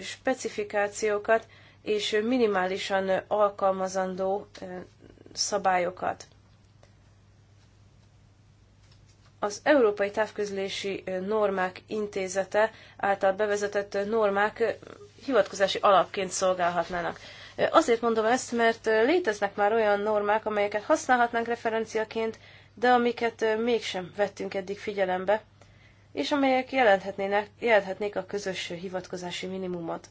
specifikációkat és minimálisan alkalmazandó szabályokat. Az Európai Távközlési Normák Intézete által bevezetett normák hivatkozási alapként szolgálhatnának. Azért mondom ezt, mert léteznek már olyan normák, amelyeket használhatnánk referenciaként, de amiket mégsem vettünk eddig figyelembe, és amelyek jelenthetnének, jelenthetnék a közös hivatkozási minimumot.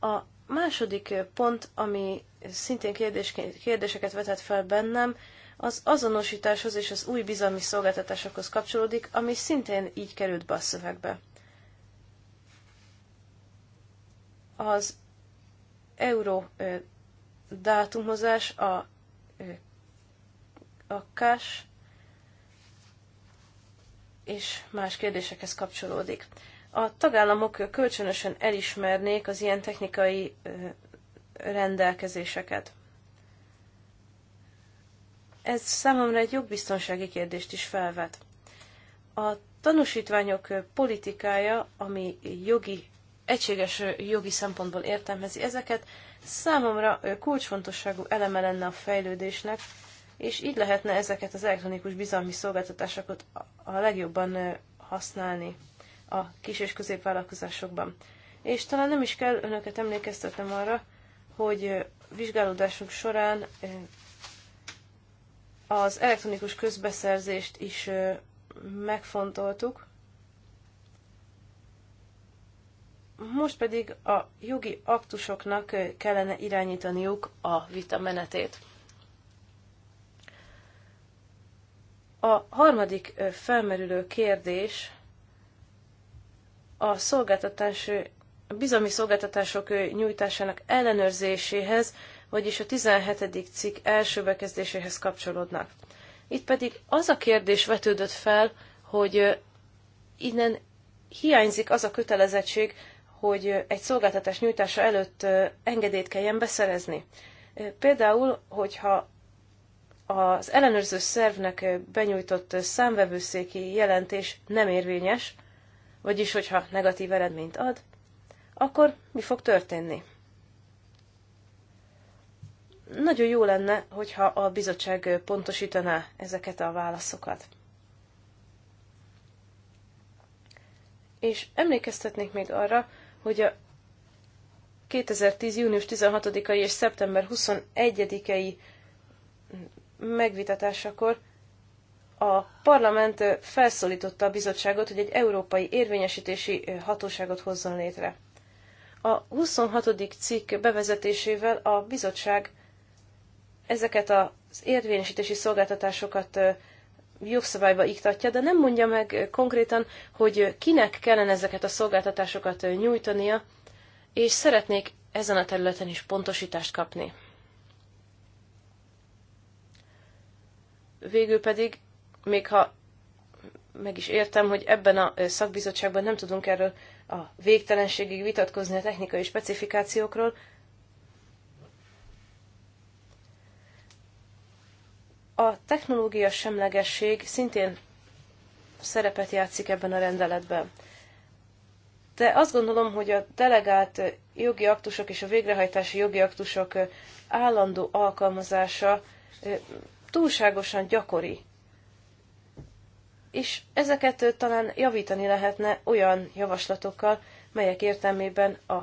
A második pont, ami szintén kérdéseket vetett fel bennem, az azonosításhoz és az új bizalmi szolgáltatásokhoz kapcsolódik, ami szintén így került be a szövegbe. Az euró ö, dátumhozás, a, ö, a cash és más kérdésekhez kapcsolódik. A tagállamok kölcsönösen elismernék az ilyen technikai ö, rendelkezéseket. Ez számomra egy jogbiztonsági kérdést is felvet. A tanúsítványok politikája, ami jogi, egységes jogi szempontból értelmezi ezeket, számomra kulcsfontosságú eleme lenne a fejlődésnek, és így lehetne ezeket az elektronikus bizalmi szolgáltatásokat a legjobban használni a kis- és középvállalkozásokban. És talán nem is kell önöket emlékeztetnem arra, hogy vizsgálódásunk során az elektronikus közbeszerzést is megfontoltuk. Most pedig a jogi aktusoknak kellene irányítaniuk a vita menetét. A harmadik felmerülő kérdés a szolgáltatás, a bizalmi szolgáltatások nyújtásának ellenőrzéséhez vagyis a 17. cikk első bekezdéséhez kapcsolódnak. Itt pedig az a kérdés vetődött fel, hogy innen hiányzik az a kötelezettség, hogy egy szolgáltatás nyújtása előtt engedélyt kelljen beszerezni. Például, hogyha az ellenőrző szervnek benyújtott számvevőszéki jelentés nem érvényes, vagyis hogyha negatív eredményt ad, akkor mi fog történni? Nagyon jó lenne, hogyha a bizottság pontosítaná ezeket a válaszokat. És emlékeztetnék még arra, hogy a 2010. június 16-ai és szeptember 21-ei megvitatásakor a parlament felszólította a bizottságot, hogy egy európai érvényesítési hatóságot hozzon létre. A 26. cikk bevezetésével a bizottság ezeket az érvényesítési szolgáltatásokat jogszabályba iktatja, de nem mondja meg konkrétan, hogy kinek kellene ezeket a szolgáltatásokat nyújtania, és szeretnék ezen a területen is pontosítást kapni. Végül pedig, még ha meg is értem, hogy ebben a szakbizottságban nem tudunk erről a végtelenségig vitatkozni a technikai specifikációkról, A technológia semlegesség szintén szerepet játszik ebben a rendeletben. De azt gondolom, hogy a delegált jogi aktusok és a végrehajtási jogi aktusok állandó alkalmazása túlságosan gyakori. És ezeket talán javítani lehetne olyan javaslatokkal, melyek értelmében a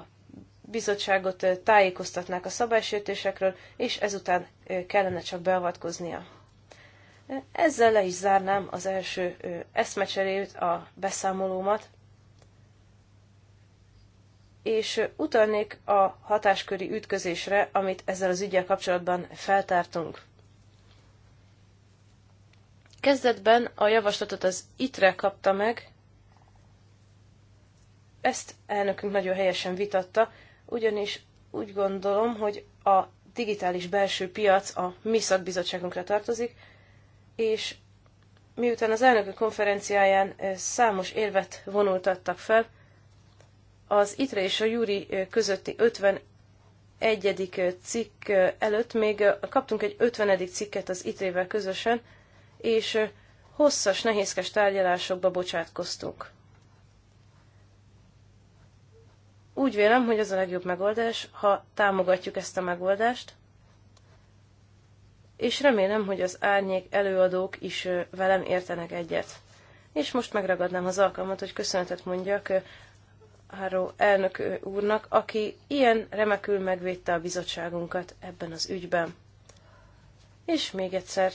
bizottságot tájékoztatnák a szabálysértésekről, és ezután kellene csak beavatkoznia. Ezzel le is zárnám az első eszmecserét, a beszámolómat, és utalnék a hatásköri ütközésre, amit ezzel az ügyel kapcsolatban feltártunk. Kezdetben a javaslatot az ITRE kapta meg, ezt elnökünk nagyon helyesen vitatta, ugyanis úgy gondolom, hogy a digitális belső piac a mi szakbizottságunkra tartozik, és miután az elnökök konferenciáján számos érvet vonultattak fel, az ITRE és a Júri közötti 51. cikk előtt még kaptunk egy 50. cikket az Itrével közösen, és hosszas, nehézkes tárgyalásokba bocsátkoztunk. Úgy vélem, hogy az a legjobb megoldás, ha támogatjuk ezt a megoldást, és remélem, hogy az árnyék előadók is velem értenek egyet. És most megragadnám az alkalmat, hogy köszönetet mondjak Háró elnök úrnak, aki ilyen remekül megvédte a bizottságunkat ebben az ügyben. És még egyszer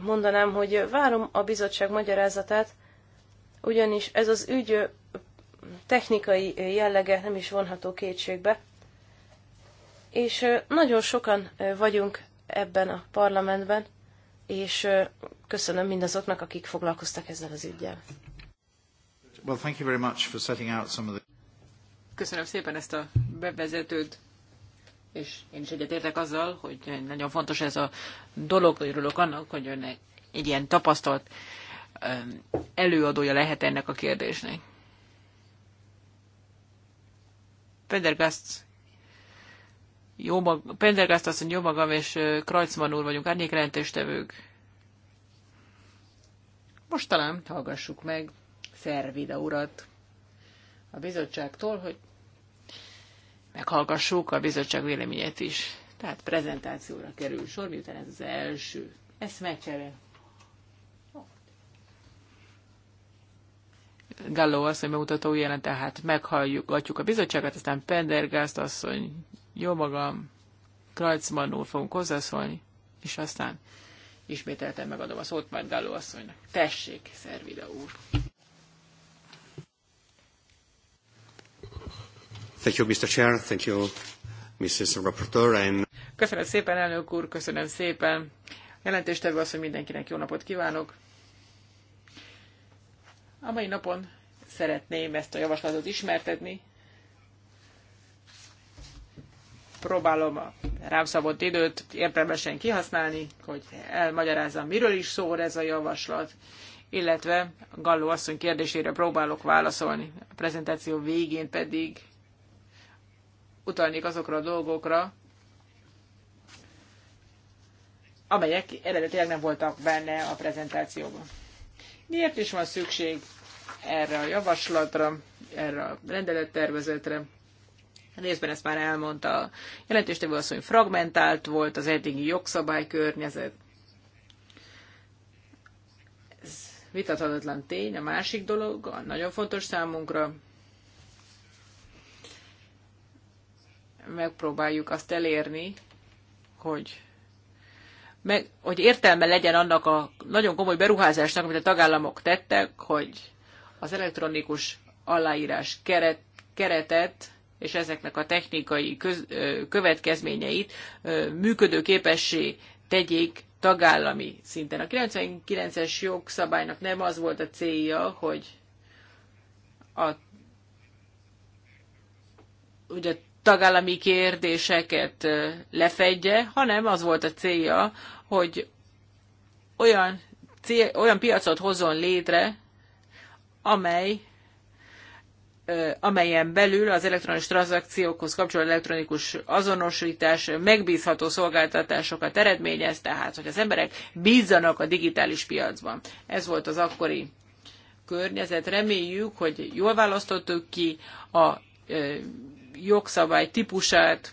mondanám, hogy várom a bizottság magyarázatát, ugyanis ez az ügy technikai jellege nem is vonható kétségbe, és nagyon sokan vagyunk ebben a parlamentben, és köszönöm mindazoknak, akik foglalkoztak ezzel az ügyel. Well, thank you very much for setting out some of the... Köszönöm szépen ezt a bevezetőt, és én is egyetértek azzal, hogy nagyon fontos ez a dolog, örülök annak, hogy önnek egy ilyen tapasztalt előadója lehet ennek a kérdésnek. Pendergast jó mag, Pendergast asszony, jó magam és Krajcman úr vagyunk rendtéstevők. Most talán hallgassuk meg Szervida urat a bizottságtól, hogy meghallgassuk a bizottság véleményét is. Tehát prezentációra kerül sor, miután ez az első eszmecsere. Gallo asszony bemutató jelent, tehát meghalljuk, adjuk a bizottságot, aztán Pendergast asszony jó magam, Krajcman úr fogunk hozzászólni, és aztán ismételten megadom a szót már Gáló asszonynak. Tessék, Szervide úr! Thank you, Mr. Chair. Thank you, Mrs. Rapporteur. And... Köszönöm szépen, elnök úr, köszönöm szépen. Jelentéstevő az, hogy mindenkinek jó napot kívánok. A mai napon szeretném ezt a javaslatot ismertetni, próbálom a rám szabott időt értelmesen kihasználni, hogy elmagyarázzam, miről is szól ez a javaslat, illetve Galló asszony kérdésére próbálok válaszolni. A prezentáció végén pedig utalnék azokra a dolgokra, amelyek eredetileg nem voltak benne a prezentációban. Miért is van szükség erre a javaslatra, erre a rendelettervezetre? Hát részben ezt már elmondta a jelentéstevő hogy fragmentált volt az eddigi jogszabálykörnyezet. Ez vitathatatlan tény. A másik dolog, a nagyon fontos számunkra, megpróbáljuk azt elérni, hogy meg, hogy értelme legyen annak a nagyon komoly beruházásnak, amit a tagállamok tettek, hogy az elektronikus aláírás keret, keretet és ezeknek a technikai köz, következményeit működőképessé tegyék tagállami szinten. A 99-es jogszabálynak nem az volt a célja, hogy a, ugye, tagállami kérdéseket lefedje, hanem az volt a célja, hogy olyan, cél, olyan piacot hozzon létre, amely amelyen belül az elektronikus tranzakciókhoz kapcsolódó elektronikus azonosítás megbízható szolgáltatásokat eredményez, tehát hogy az emberek bízzanak a digitális piacban. Ez volt az akkori környezet. Reméljük, hogy jól választottuk ki a jogszabály típusát,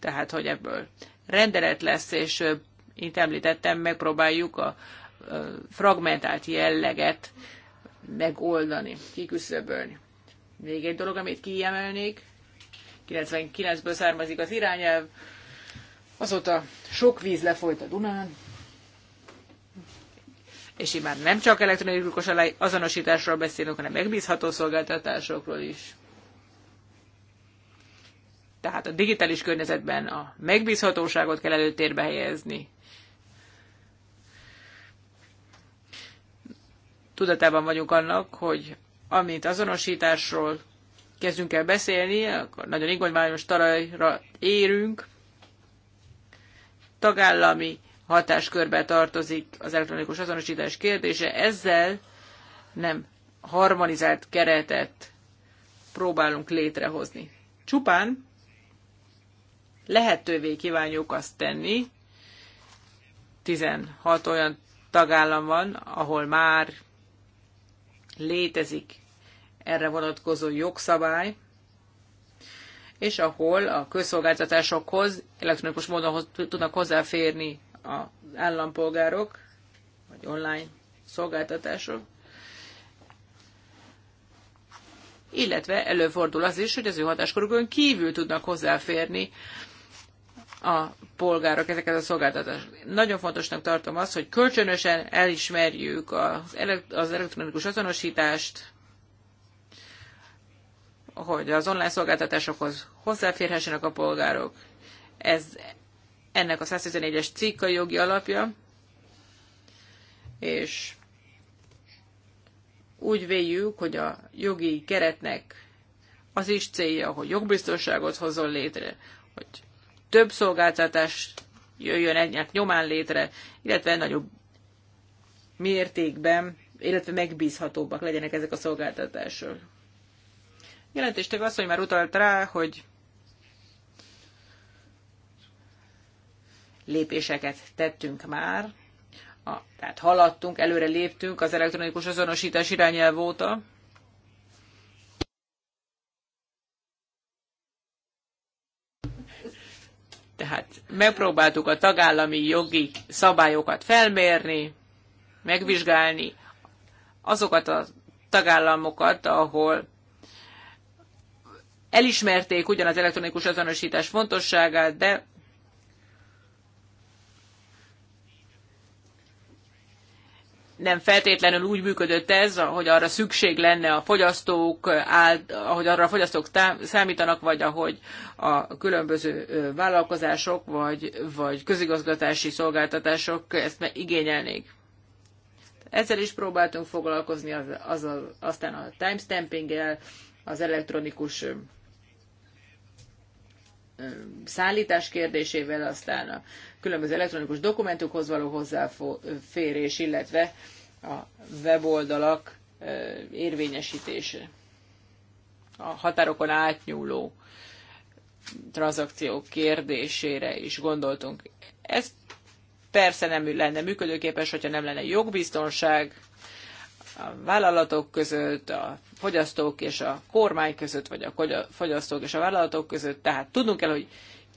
tehát hogy ebből rendelet lesz, és mint említettem, megpróbáljuk a fragmentált jelleget megoldani, kiküszöbölni. Még egy dolog, amit kiemelnék, 99-ből származik az irányelv, azóta sok víz lefolyt a Dunán, és én már nem csak elektronikus azonosításról beszélünk, hanem megbízható szolgáltatásokról is. Tehát a digitális környezetben a megbízhatóságot kell előtérbe helyezni. tudatában vagyunk annak, hogy amint azonosításról kezdünk el beszélni, akkor nagyon ingonyványos talajra érünk, tagállami hatáskörbe tartozik az elektronikus azonosítás kérdése, ezzel nem harmonizált keretet próbálunk létrehozni. Csupán lehetővé kívánjuk azt tenni, 16 olyan tagállam van, ahol már létezik erre vonatkozó jogszabály, és ahol a közszolgáltatásokhoz elektronikus módon tudnak hozzáférni az állampolgárok, vagy online szolgáltatások, illetve előfordul az is, hogy az ő hatáskorukon kívül tudnak hozzáférni a polgárok ezeket a szolgáltatás Nagyon fontosnak tartom azt, hogy kölcsönösen elismerjük az elektronikus azonosítást, hogy az online szolgáltatásokhoz hozzáférhessenek a polgárok. Ez ennek a 114-es cikka jogi alapja, és úgy véljük, hogy a jogi keretnek az is célja, hogy jogbiztonságot hozzon létre, hogy több szolgáltatás jöjjön egynek nyomán létre, illetve nagyobb mértékben, illetve megbízhatóbbak legyenek ezek a szolgáltatások. Jelentéstek azt, hogy már utalt rá, hogy lépéseket tettünk már, a, tehát haladtunk, előre léptünk az elektronikus azonosítás irányelv óta, Tehát megpróbáltuk a tagállami jogi szabályokat felmérni, megvizsgálni azokat a tagállamokat, ahol elismerték ugyan az elektronikus azonosítás fontosságát, de nem feltétlenül úgy működött ez, ahogy arra szükség lenne a fogyasztók, ahogy arra a fogyasztók számítanak, vagy ahogy a különböző vállalkozások, vagy, vagy közigazgatási szolgáltatások ezt igényelnék. Ezzel is próbáltunk foglalkozni, az, az, az, aztán a timestamping-el, az elektronikus szállítás kérdésével, aztán a különböző elektronikus dokumentumokhoz való hozzáférés, illetve a weboldalak érvényesítése. A határokon átnyúló tranzakciók kérdésére is gondoltunk. Ez persze nem lenne működőképes, hogyha nem lenne jogbiztonság a vállalatok között, a fogyasztók és a kormány között, vagy a fogyasztók és a vállalatok között. Tehát tudnunk kell, hogy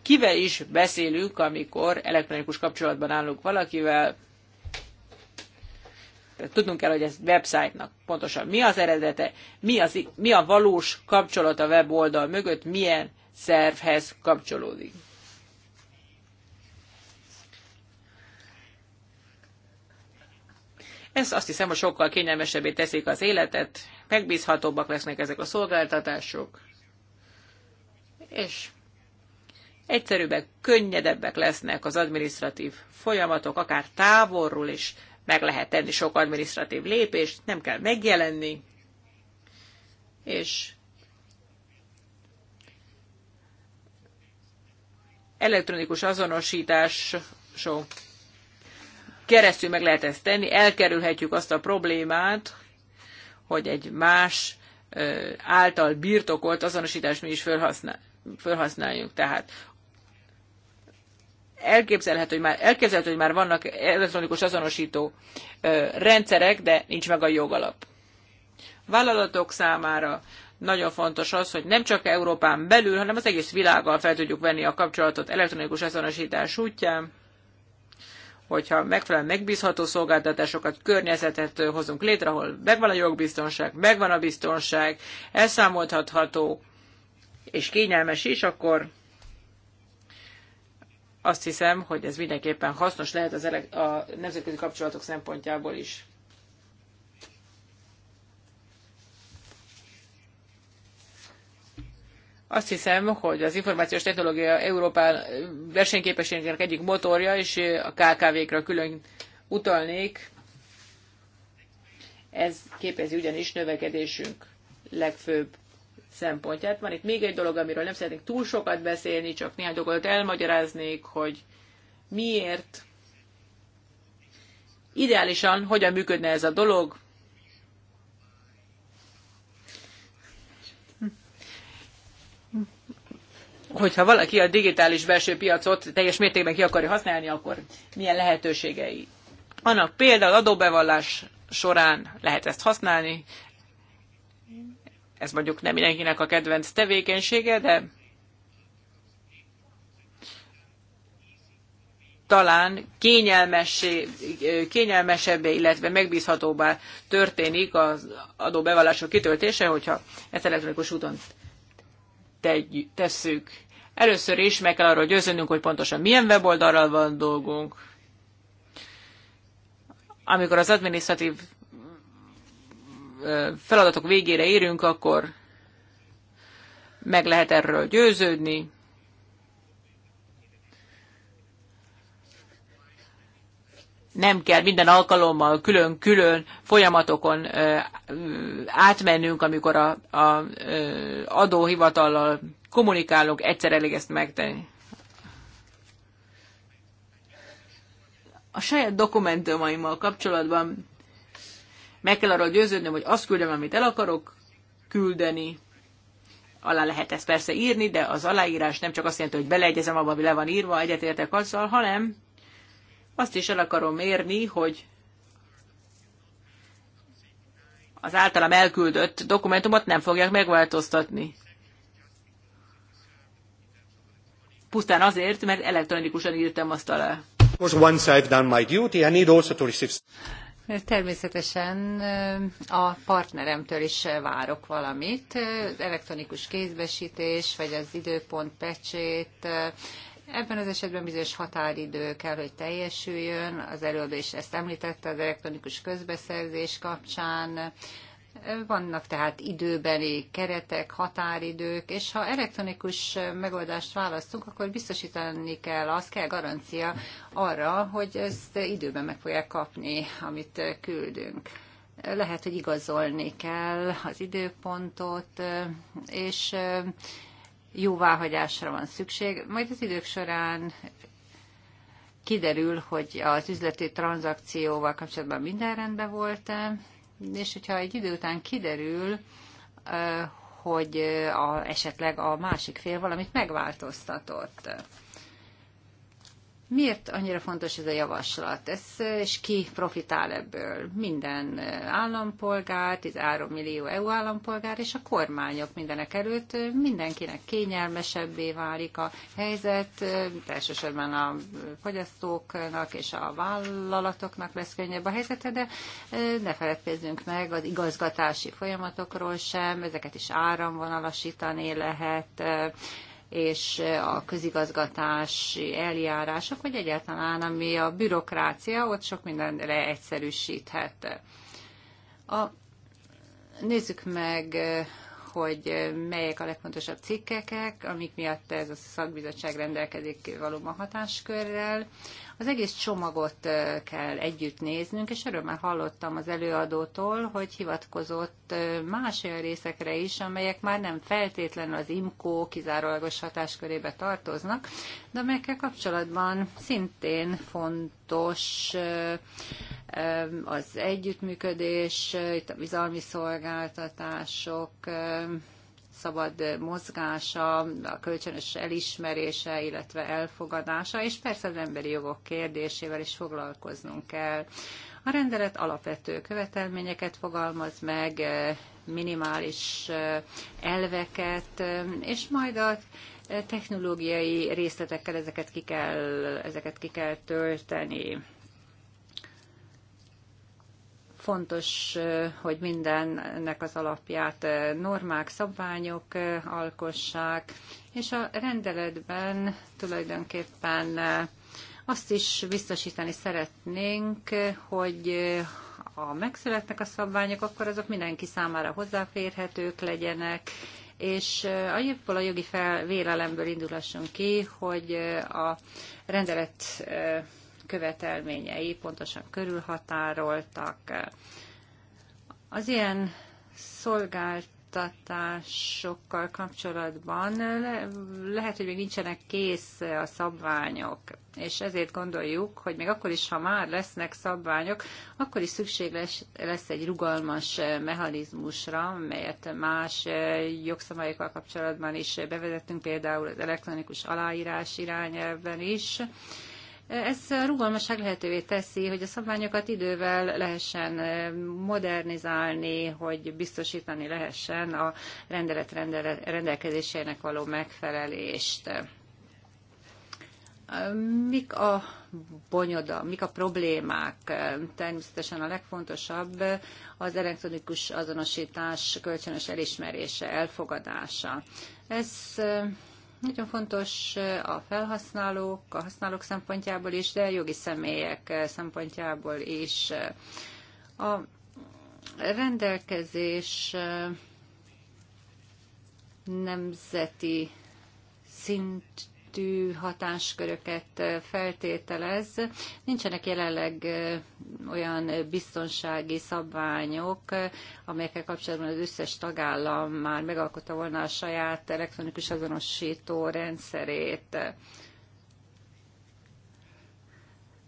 kivel is beszélünk, amikor elektronikus kapcsolatban állunk valakivel. Tehát tudnunk kell, hogy ez websájtnak pontosan mi az eredete, mi, az, mi a valós kapcsolat a weboldal mögött, milyen szervhez kapcsolódik. Ez azt hiszem, hogy sokkal kényelmesebbé teszik az életet, megbízhatóbbak lesznek ezek a szolgáltatások, és egyszerűbbek, könnyedebbek lesznek az administratív folyamatok, akár távolról is meg lehet tenni sok administratív lépést, nem kell megjelenni, és elektronikus azonosításon keresztül meg lehet ezt tenni, elkerülhetjük azt a problémát, hogy egy más által birtokolt azonosítást mi is felhasználjuk. Tehát elképzelhető, hogy már, elképzelhető, hogy már vannak elektronikus azonosító rendszerek, de nincs meg a jogalap. Vállalatok számára nagyon fontos az, hogy nem csak Európán belül, hanem az egész világgal fel tudjuk venni a kapcsolatot elektronikus azonosítás útján, hogyha megfelelően megbízható szolgáltatásokat, környezetet hozunk létre, ahol megvan a jogbiztonság, megvan a biztonság, elszámoltatható és kényelmes is, akkor azt hiszem, hogy ez mindenképpen hasznos lehet az ele- a nemzetközi kapcsolatok szempontjából is. Azt hiszem, hogy az információs technológia Európán versenyképességének egyik motorja, és a KKV-kra külön utalnék. Ez képezi ugyanis növekedésünk legfőbb szempontját. Van itt még egy dolog, amiről nem szeretnék túl sokat beszélni, csak néhány dolgot elmagyaráznék, hogy miért ideálisan hogyan működne ez a dolog. Hogyha valaki a digitális belső piacot teljes mértékben ki akarja használni, akkor milyen lehetőségei? Annak például adóbevallás során lehet ezt használni, ez mondjuk nem mindenkinek a kedvenc tevékenysége, de talán kényelmesebb, kényelmesebbé, illetve megbízhatóbbá történik az adóbevallások kitöltése, hogyha ezt elektronikus úton tegy, tesszük. Először is meg kell arról győződnünk, hogy pontosan milyen weboldalral van dolgunk. Amikor az administratív feladatok végére érünk, akkor meg lehet erről győződni. Nem kell minden alkalommal külön-külön folyamatokon átmennünk, amikor a, a adóhivatallal kommunikálunk, egyszer elég ezt megtenni. A saját dokumentumaimmal kapcsolatban meg kell arról győződnöm, hogy azt küldöm, amit el akarok küldeni, alá lehet ezt persze írni, de az aláírás nem csak azt jelenti, hogy beleegyezem abba, ami le van írva, egyetértek azzal, hanem azt is el akarom érni, hogy az általam elküldött dokumentumot nem fogják megváltoztatni. Pusztán azért, mert elektronikusan írtam azt alá. Természetesen a partneremtől is várok valamit. Az elektronikus kézbesítés, vagy az időpont pecsét, Ebben az esetben bizonyos határidő kell, hogy teljesüljön. Az előadó is ezt említette az elektronikus közbeszerzés kapcsán. Vannak tehát időbeli keretek, határidők, és ha elektronikus megoldást választunk, akkor biztosítani kell, az kell garancia arra, hogy ezt időben meg fogják kapni, amit küldünk lehet, hogy igazolni kell az időpontot, és jóváhagyásra van szükség. Majd az idők során kiderül, hogy az üzleti tranzakcióval kapcsolatban minden rendben volt-e, és hogyha egy idő után kiderül, eh, hogy eh, a, esetleg a másik fél valamit megváltoztatott. Miért annyira fontos ez a javaslat? Ez, és ki profitál ebből? Minden eh, állampolgár, 13 millió EU állampolgár, és a kormányok mindenek előtt eh, mindenkinek kényelmesebbé válik a helyzet, eh, elsősorban a fogyasztóknak és a vállalatoknak lesz könnyebb a helyzete, de ne feledkezzünk meg az igazgatási folyamatokról sem, ezeket is áramvonalasítani lehet, és a közigazgatási eljárások, vagy egyáltalán ami a bürokrácia, ott sok mindenre egyszerűsíthet. A, nézzük meg, hogy melyek a legfontosabb cikkekek, amik miatt ez a szakbizottság rendelkezik valóban hatáskörrel. Az egész csomagot kell együtt néznünk, és örömmel hallottam az előadótól, hogy hivatkozott más olyan részekre is, amelyek már nem feltétlenül az IMCO kizárólagos hatáskörébe tartoznak, de amelyekkel kapcsolatban szintén fontos az együttműködés, itt a bizalmi szolgáltatások, szabad mozgása, a kölcsönös elismerése, illetve elfogadása, és persze az emberi jogok kérdésével is foglalkoznunk kell. A rendelet alapvető követelményeket fogalmaz meg, eh, minimális eh, elveket, eh, és majd a technológiai részletekkel ezeket ki kell, ezeket ki kell tölteni. Fontos, hogy mindennek az alapját normák, szabványok alkossák, és a rendeletben tulajdonképpen azt is biztosítani szeretnénk, hogy ha megszületnek a szabványok, akkor azok mindenki számára hozzáférhetők legyenek, és a jövőből a jogi fel, vélelemből indulhassunk ki, hogy a rendelet követelményei pontosan körülhatároltak. Az ilyen szolgáltatásokkal kapcsolatban le, lehet, hogy még nincsenek kész a szabványok, és ezért gondoljuk, hogy még akkor is, ha már lesznek szabványok, akkor is szükség lesz, lesz egy rugalmas mechanizmusra, melyet más jogszabályokkal kapcsolatban is bevezettünk, például az elektronikus aláírás irányelven is, ez a rugalmasság lehetővé teszi, hogy a szabványokat idővel lehessen eh, modernizálni, hogy biztosítani lehessen a rendelet rendelkezésének való megfelelést. Eh, mik a bonyoda, mik a problémák? Eh, természetesen a legfontosabb az elektronikus azonosítás kölcsönös elismerése, elfogadása. Ez nagyon fontos eh, a felhasználók, a használók szempontjából is, de jogi személyek eh, szempontjából is. Eh, a rendelkezés nemzeti szint szintű hatásköröket feltételez. Nincsenek jelenleg olyan biztonsági szabványok, amelyekkel kapcsolatban az összes tagállam már megalkotta volna a saját elektronikus azonosító rendszerét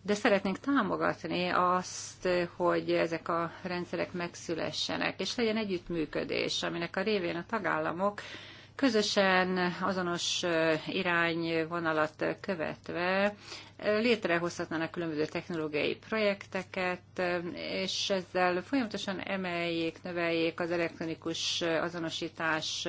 de szeretnénk támogatni azt, hogy ezek a rendszerek megszülessenek, és legyen együttműködés, aminek a révén a tagállamok közösen azonos irányvonalat követve létrehozhatnának különböző technológiai projekteket, és ezzel folyamatosan emeljék, növeljék az elektronikus azonosítás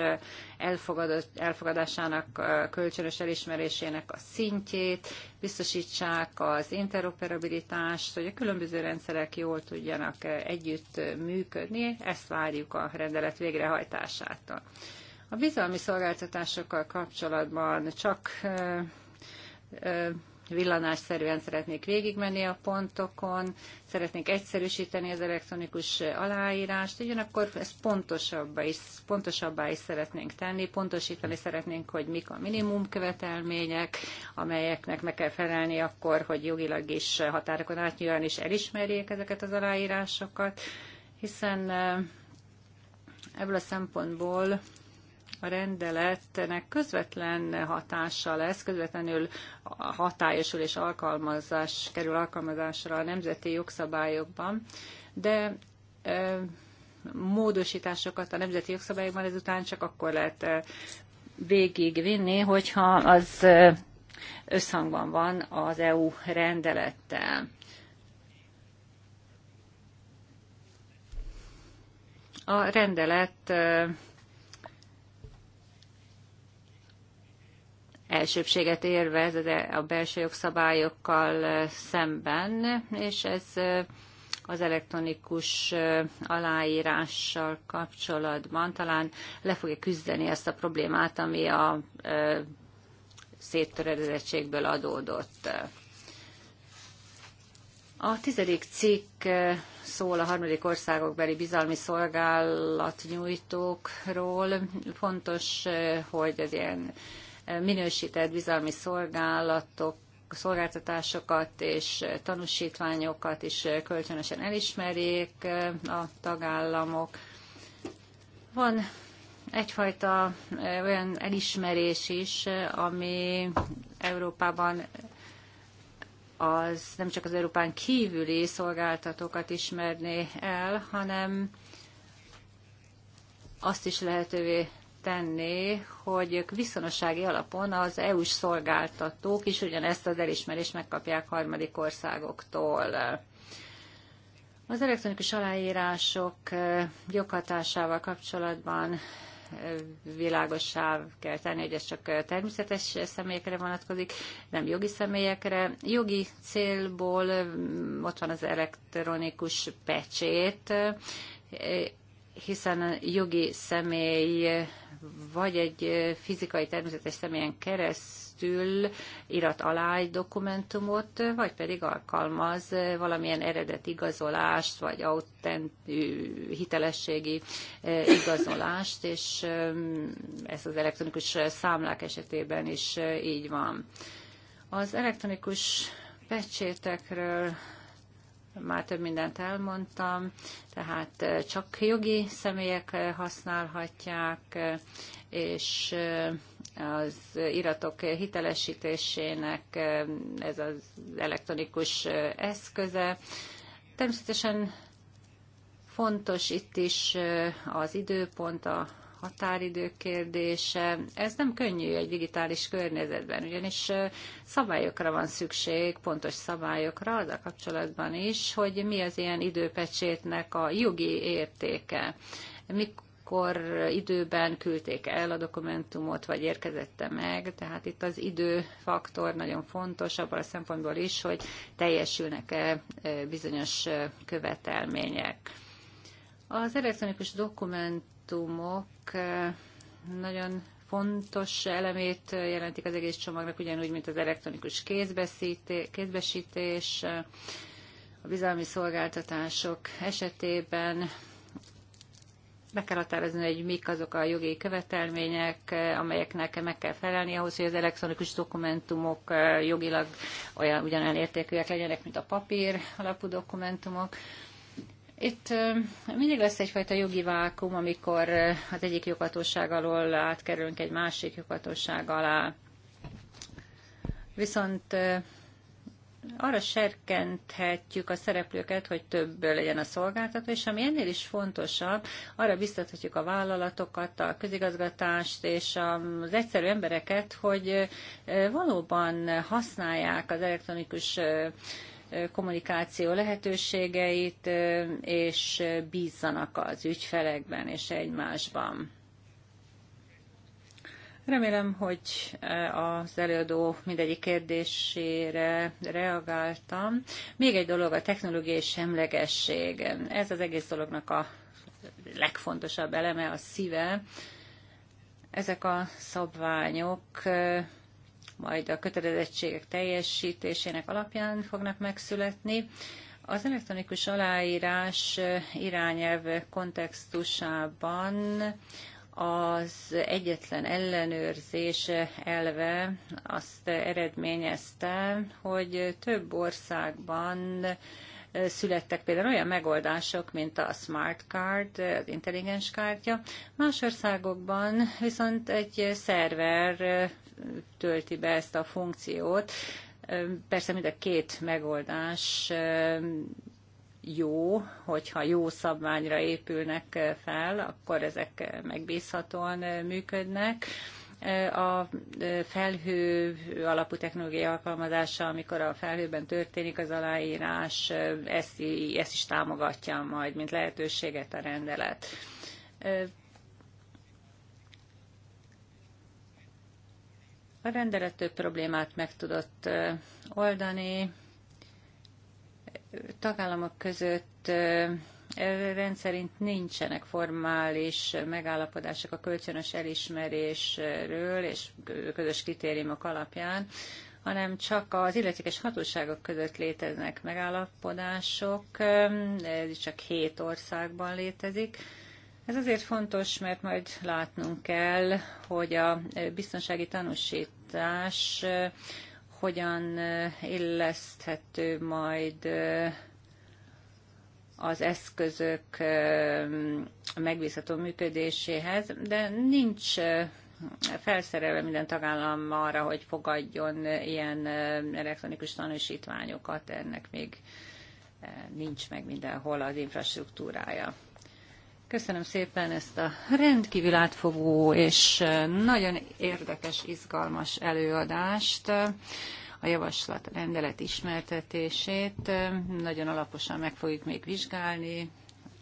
elfogadásának, kölcsönös elismerésének a szintjét, biztosítsák az interoperabilitást, hogy a különböző rendszerek jól tudjanak együtt működni, ezt várjuk a rendelet végrehajtásától. A bizalmi szolgáltatásokkal kapcsolatban csak villanásszerűen szeretnék végigmenni a pontokon, szeretnék egyszerűsíteni az elektronikus aláírást, ugyanakkor ezt pontosabbá is, pontosabbá is szeretnénk tenni, pontosítani szeretnénk, hogy mik a minimum követelmények, amelyeknek meg kell felelni akkor, hogy jogilag is határokon átnyúlóan is elismerjék ezeket az aláírásokat, hiszen ebből a szempontból a rendeletnek közvetlen hatása lesz, közvetlenül hatályosul és alkalmazás, kerül alkalmazásra a nemzeti jogszabályokban, de módosításokat a nemzeti jogszabályokban ezután csak akkor lehet végigvinni, hogyha az összhangban van az EU rendelettel. A rendelet elsőbséget érvez e- a belső jogszabályokkal szemben, és ez az elektronikus aláírással kapcsolatban talán le fogja küzdeni ezt a problémát, ami a széttöredezettségből adódott. A tizedik cikk szól a harmadik országokbeli bizalmi szolgálatnyújtókról. Fontos, hogy az ilyen minősített bizalmi szolgálatok szolgáltatásokat és tanúsítványokat is kölcsönösen elismerjék a tagállamok. Van egyfajta olyan elismerés is, ami Európában az nem csak az Európán kívüli szolgáltatókat ismerné el, hanem azt is lehetővé tenni, hogy viszonossági alapon az EU-s szolgáltatók is ugyanezt az elismerést megkapják harmadik országoktól. Az elektronikus aláírások joghatásával kapcsolatban világossá kell tenni, hogy ez csak természetes személyekre vonatkozik, nem jogi személyekre. Jogi célból ott van az elektronikus pecsét, hiszen a jogi személy vagy egy fizikai természetes személyen keresztül irat alá egy dokumentumot, vagy pedig alkalmaz valamilyen eredet igazolást, vagy autent, hitelességi igazolást, és ez az elektronikus számlák esetében is így van. Az elektronikus pecsétekről már több mindent elmondtam, tehát eh, csak jogi személyek eh, használhatják, eh, és az iratok hitelesítésének ez az elektronikus eszköze. Természetesen fontos itt is az időpont, a határidő kérdése. Ez nem könnyű egy digitális környezetben, ugyanis szabályokra van szükség, pontos szabályokra, az a kapcsolatban is, hogy mi az ilyen időpecsétnek a jogi értéke. Mikor akkor időben küldték el a dokumentumot, vagy érkezette meg, tehát itt az időfaktor nagyon fontos, abban a szempontból is, hogy teljesülnek-e bizonyos követelmények. Az elektronikus dokumentum dokumentumok nagyon fontos elemét jelentik az egész csomagnak, ugyanúgy, mint az elektronikus kézbesítés, a bizalmi szolgáltatások esetében be kell határozni, hogy mik azok a jogi követelmények, amelyeknek meg kell felelni ahhoz, hogy az elektronikus dokumentumok jogilag olyan, ugyanolyan értékűek legyenek, mint a papír alapú dokumentumok. Itt mindig lesz egyfajta jogi vákum, amikor az egyik joghatóság alól átkerülünk egy másik joghatóság alá. Viszont arra serkenthetjük a szereplőket, hogy több legyen a szolgáltató, és ami ennél is fontosabb, arra biztathatjuk a vállalatokat, a közigazgatást és az egyszerű embereket, hogy valóban használják az elektronikus kommunikáció lehetőségeit, és bízzanak az ügyfelekben és egymásban. Remélem, hogy az előadó mindegyik kérdésére reagáltam. Még egy dolog a technológiai semlegesség. Ez az egész dolognak a legfontosabb eleme, a szíve. Ezek a szabványok majd a kötelezettségek teljesítésének alapján fognak megszületni. Az elektronikus aláírás irányelv kontextusában az egyetlen ellenőrzés elve azt eredményezte, hogy több országban születtek például olyan megoldások, mint a smart card, az intelligens kártya. Más országokban viszont egy szerver tölti be ezt a funkciót. Persze mind a két megoldás jó, hogyha jó szabványra épülnek fel, akkor ezek megbízhatóan működnek a felhő alapú technológia alkalmazása, amikor a felhőben történik az aláírás, ezt, ezt is támogatja majd, mint lehetőséget a rendelet. A rendelet több problémát meg tudott oldani. Tagállamok között rendszerint nincsenek formális megállapodások a kölcsönös elismerésről és közös kritériumok alapján, hanem csak az illetékes hatóságok között léteznek megállapodások, ez csak hét országban létezik, ez azért fontos, mert majd látnunk kell, hogy a biztonsági tanúsítás hogyan illeszthető majd az eszközök megbízható működéséhez, de nincs felszerelve minden tagállam arra, hogy fogadjon ilyen elektronikus tanúsítványokat, ennek még nincs meg mindenhol az infrastruktúrája. Köszönöm szépen ezt a rendkívül átfogó és nagyon érdekes, izgalmas előadást, a javaslat rendelet ismertetését. Nagyon alaposan meg fogjuk még vizsgálni,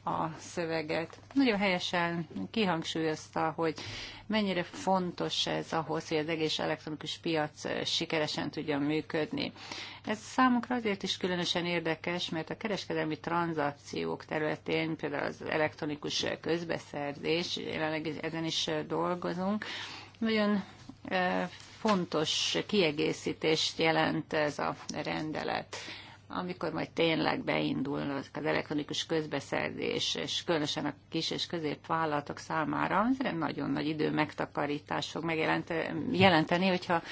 a szöveget. Nagyon helyesen kihangsúlyozta, hogy mennyire fontos ez ahhoz, hogy az egész elektronikus piac eh, sikeresen tudjon működni. Ez számunkra azért is különösen érdekes, mert a kereskedelmi tranzakciók területén, például az elektronikus eh, közbeszerzés, jelenleg ezen is eh, dolgozunk, nagyon fontos kiegészítést jelent ez a rendelet amikor majd tényleg beindul az elektronikus közbeszerzés, és különösen a kis és középvállalatok számára, ez nagyon nagy idő megtakarítás fog megjelenteni, hogyha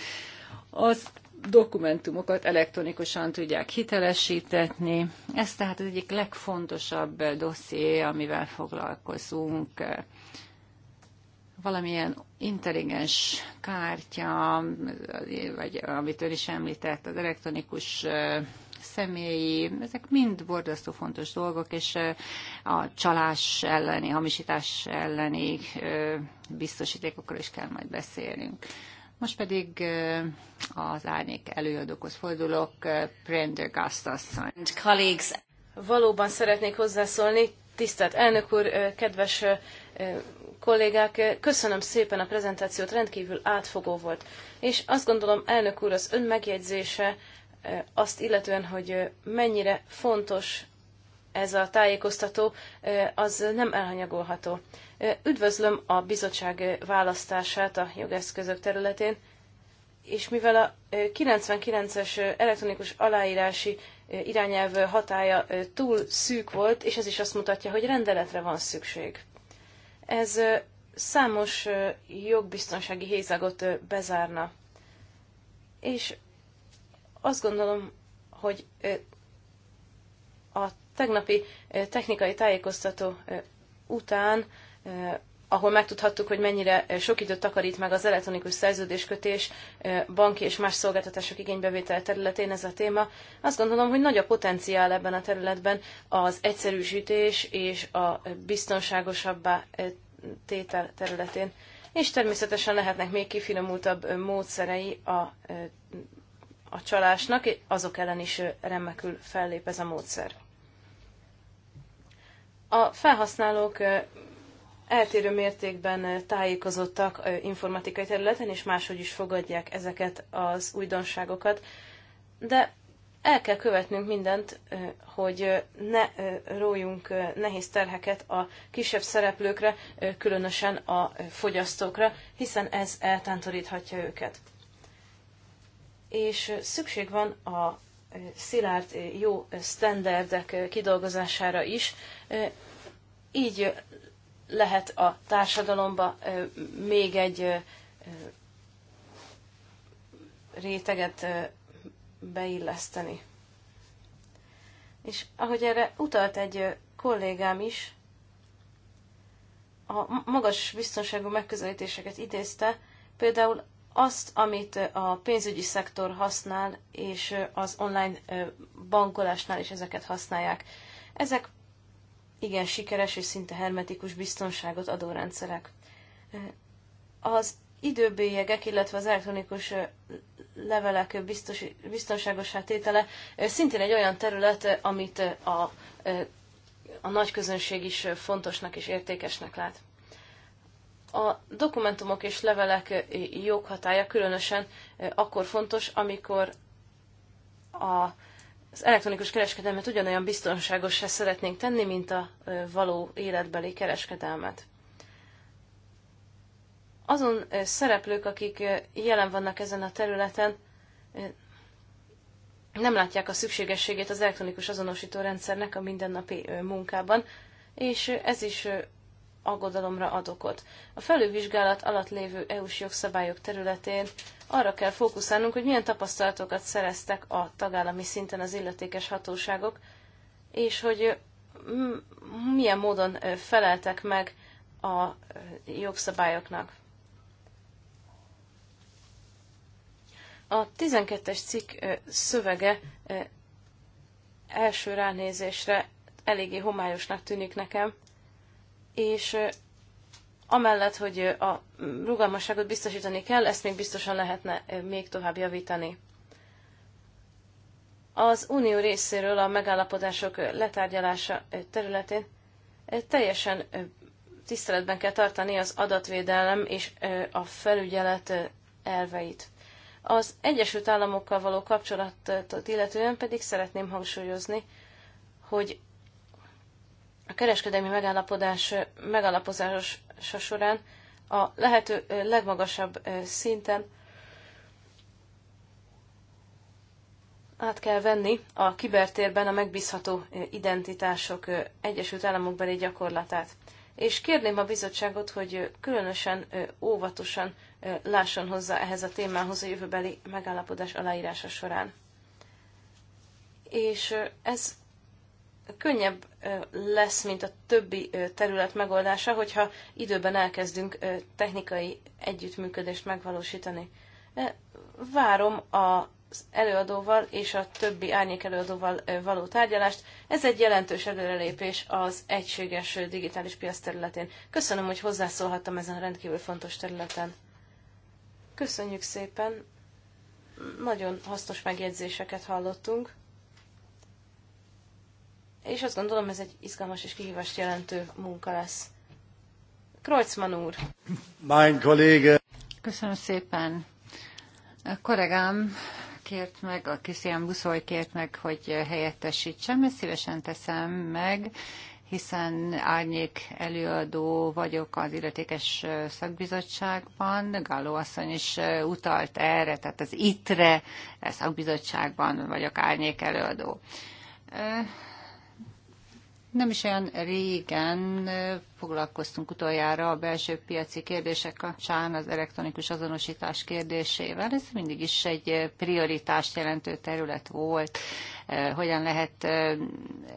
az dokumentumokat elektronikusan tudják hitelesítetni. Ez tehát az egyik legfontosabb dosszié, amivel foglalkozunk. Valamilyen intelligens kártya, vagy amit ön is említett, az elektronikus személyi, ezek mind borzasztó fontos dolgok, és a csalás elleni, hamisítás elleni biztosítékokról is kell majd beszélnünk. Most pedig az árnyék előadókhoz fordulok, Prendergast asszony. Valóban szeretnék hozzászólni, tisztelt elnök úr, kedves kollégák, köszönöm szépen a prezentációt, rendkívül átfogó volt. És azt gondolom, elnök úr, az ön megjegyzése azt illetően, hogy mennyire fontos ez a tájékoztató, az nem elhanyagolható. Üdvözlöm a bizottság választását a jogeszközök területén, és mivel a 99-es elektronikus aláírási irányelv hatája túl szűk volt, és ez is azt mutatja, hogy rendeletre van szükség. Ez számos jogbiztonsági hézagot bezárna. És azt gondolom, hogy a tegnapi technikai tájékoztató után, ahol megtudhattuk, hogy mennyire sok időt takarít meg az elektronikus szerződéskötés, banki és más szolgáltatások igénybevétel területén ez a téma, azt gondolom, hogy nagy a potenciál ebben a területben az egyszerűsítés és a biztonságosabbá tétel területén és természetesen lehetnek még kifinomultabb módszerei a a csalásnak, azok ellen is remekül fellép ez a módszer. A felhasználók eltérő mértékben tájékozottak informatikai területen, és máshogy is fogadják ezeket az újdonságokat, de el kell követnünk mindent, hogy ne rójunk nehéz terheket a kisebb szereplőkre, különösen a fogyasztókra, hiszen ez eltántoríthatja őket és szükség van a szilárd jó sztenderdek kidolgozására is. Így lehet a társadalomba még egy réteget beilleszteni. És ahogy erre utalt egy kollégám is, a magas biztonságú megközelítéseket idézte, például azt, amit a pénzügyi szektor használ, és az online bankolásnál is ezeket használják. Ezek igen sikeres és szinte hermetikus biztonságot adó rendszerek. Az időbélyegek, illetve az elektronikus levelek biztos, biztonságosá tétele szintén egy olyan terület, amit a, a nagy közönség is fontosnak és értékesnek lát. A dokumentumok és levelek eh, joghatája különösen eh, akkor fontos, amikor a, az elektronikus kereskedelmet ugyanolyan biztonságosra szeretnénk tenni, mint a eh, való életbeli kereskedelmet. Azon szereplők, akik jelen vannak ezen a területen, nem látják a szükségességét az elektronikus azonosító rendszernek a mindennapi munkában, és ez is aggodalomra ad okot. A felülvizsgálat alatt lévő EU-s jogszabályok területén arra kell fókuszálnunk, hogy milyen tapasztalatokat szereztek a tagállami szinten az illetékes hatóságok, és hogy milyen módon feleltek meg a jogszabályoknak. A 12-es cikk szövege első ránézésre eléggé homályosnak tűnik nekem, és amellett, hogy a rugalmasságot biztosítani kell, ezt még biztosan lehetne még tovább javítani. Az unió részéről a megállapodások letárgyalása területén teljesen tiszteletben kell tartani az adatvédelem és a felügyelet elveit. Az Egyesült Államokkal való kapcsolatot illetően pedig szeretném hangsúlyozni, hogy kereskedelmi megállapodás megalapozása során a lehető legmagasabb szinten át kell venni a kibertérben a megbízható identitások Egyesült Államokbeli gyakorlatát. És kérném a bizottságot, hogy különösen óvatosan lásson hozzá ehhez a témához a jövőbeli megállapodás aláírása során. És ez könnyebb lesz, mint a többi terület megoldása, hogyha időben elkezdünk technikai együttműködést megvalósítani. Várom az előadóval és a többi árnyék előadóval való tárgyalást. Ez egy jelentős előrelépés az egységes digitális piac területén. Köszönöm, hogy hozzászólhattam ezen a rendkívül fontos területen. Köszönjük szépen! Nagyon hasznos megjegyzéseket hallottunk és azt gondolom, ez egy izgalmas és kihívást jelentő munka lesz. Kreutzmann úr! Mein Kollege! Köszönöm szépen! A kollégám kért meg, a Krisztián Buszoly kért meg, hogy helyettesítsem, ezt szívesen teszem meg, hiszen árnyék előadó vagyok az illetékes szakbizottságban, Galló asszony is utalt erre, tehát az ITRE szakbizottságban vagyok árnyék előadó. Nem is olyan régen foglalkoztunk utoljára a belső piaci kérdések kapcsán az elektronikus azonosítás kérdésével. Ez mindig is egy prioritást jelentő terület volt. Hogyan lehet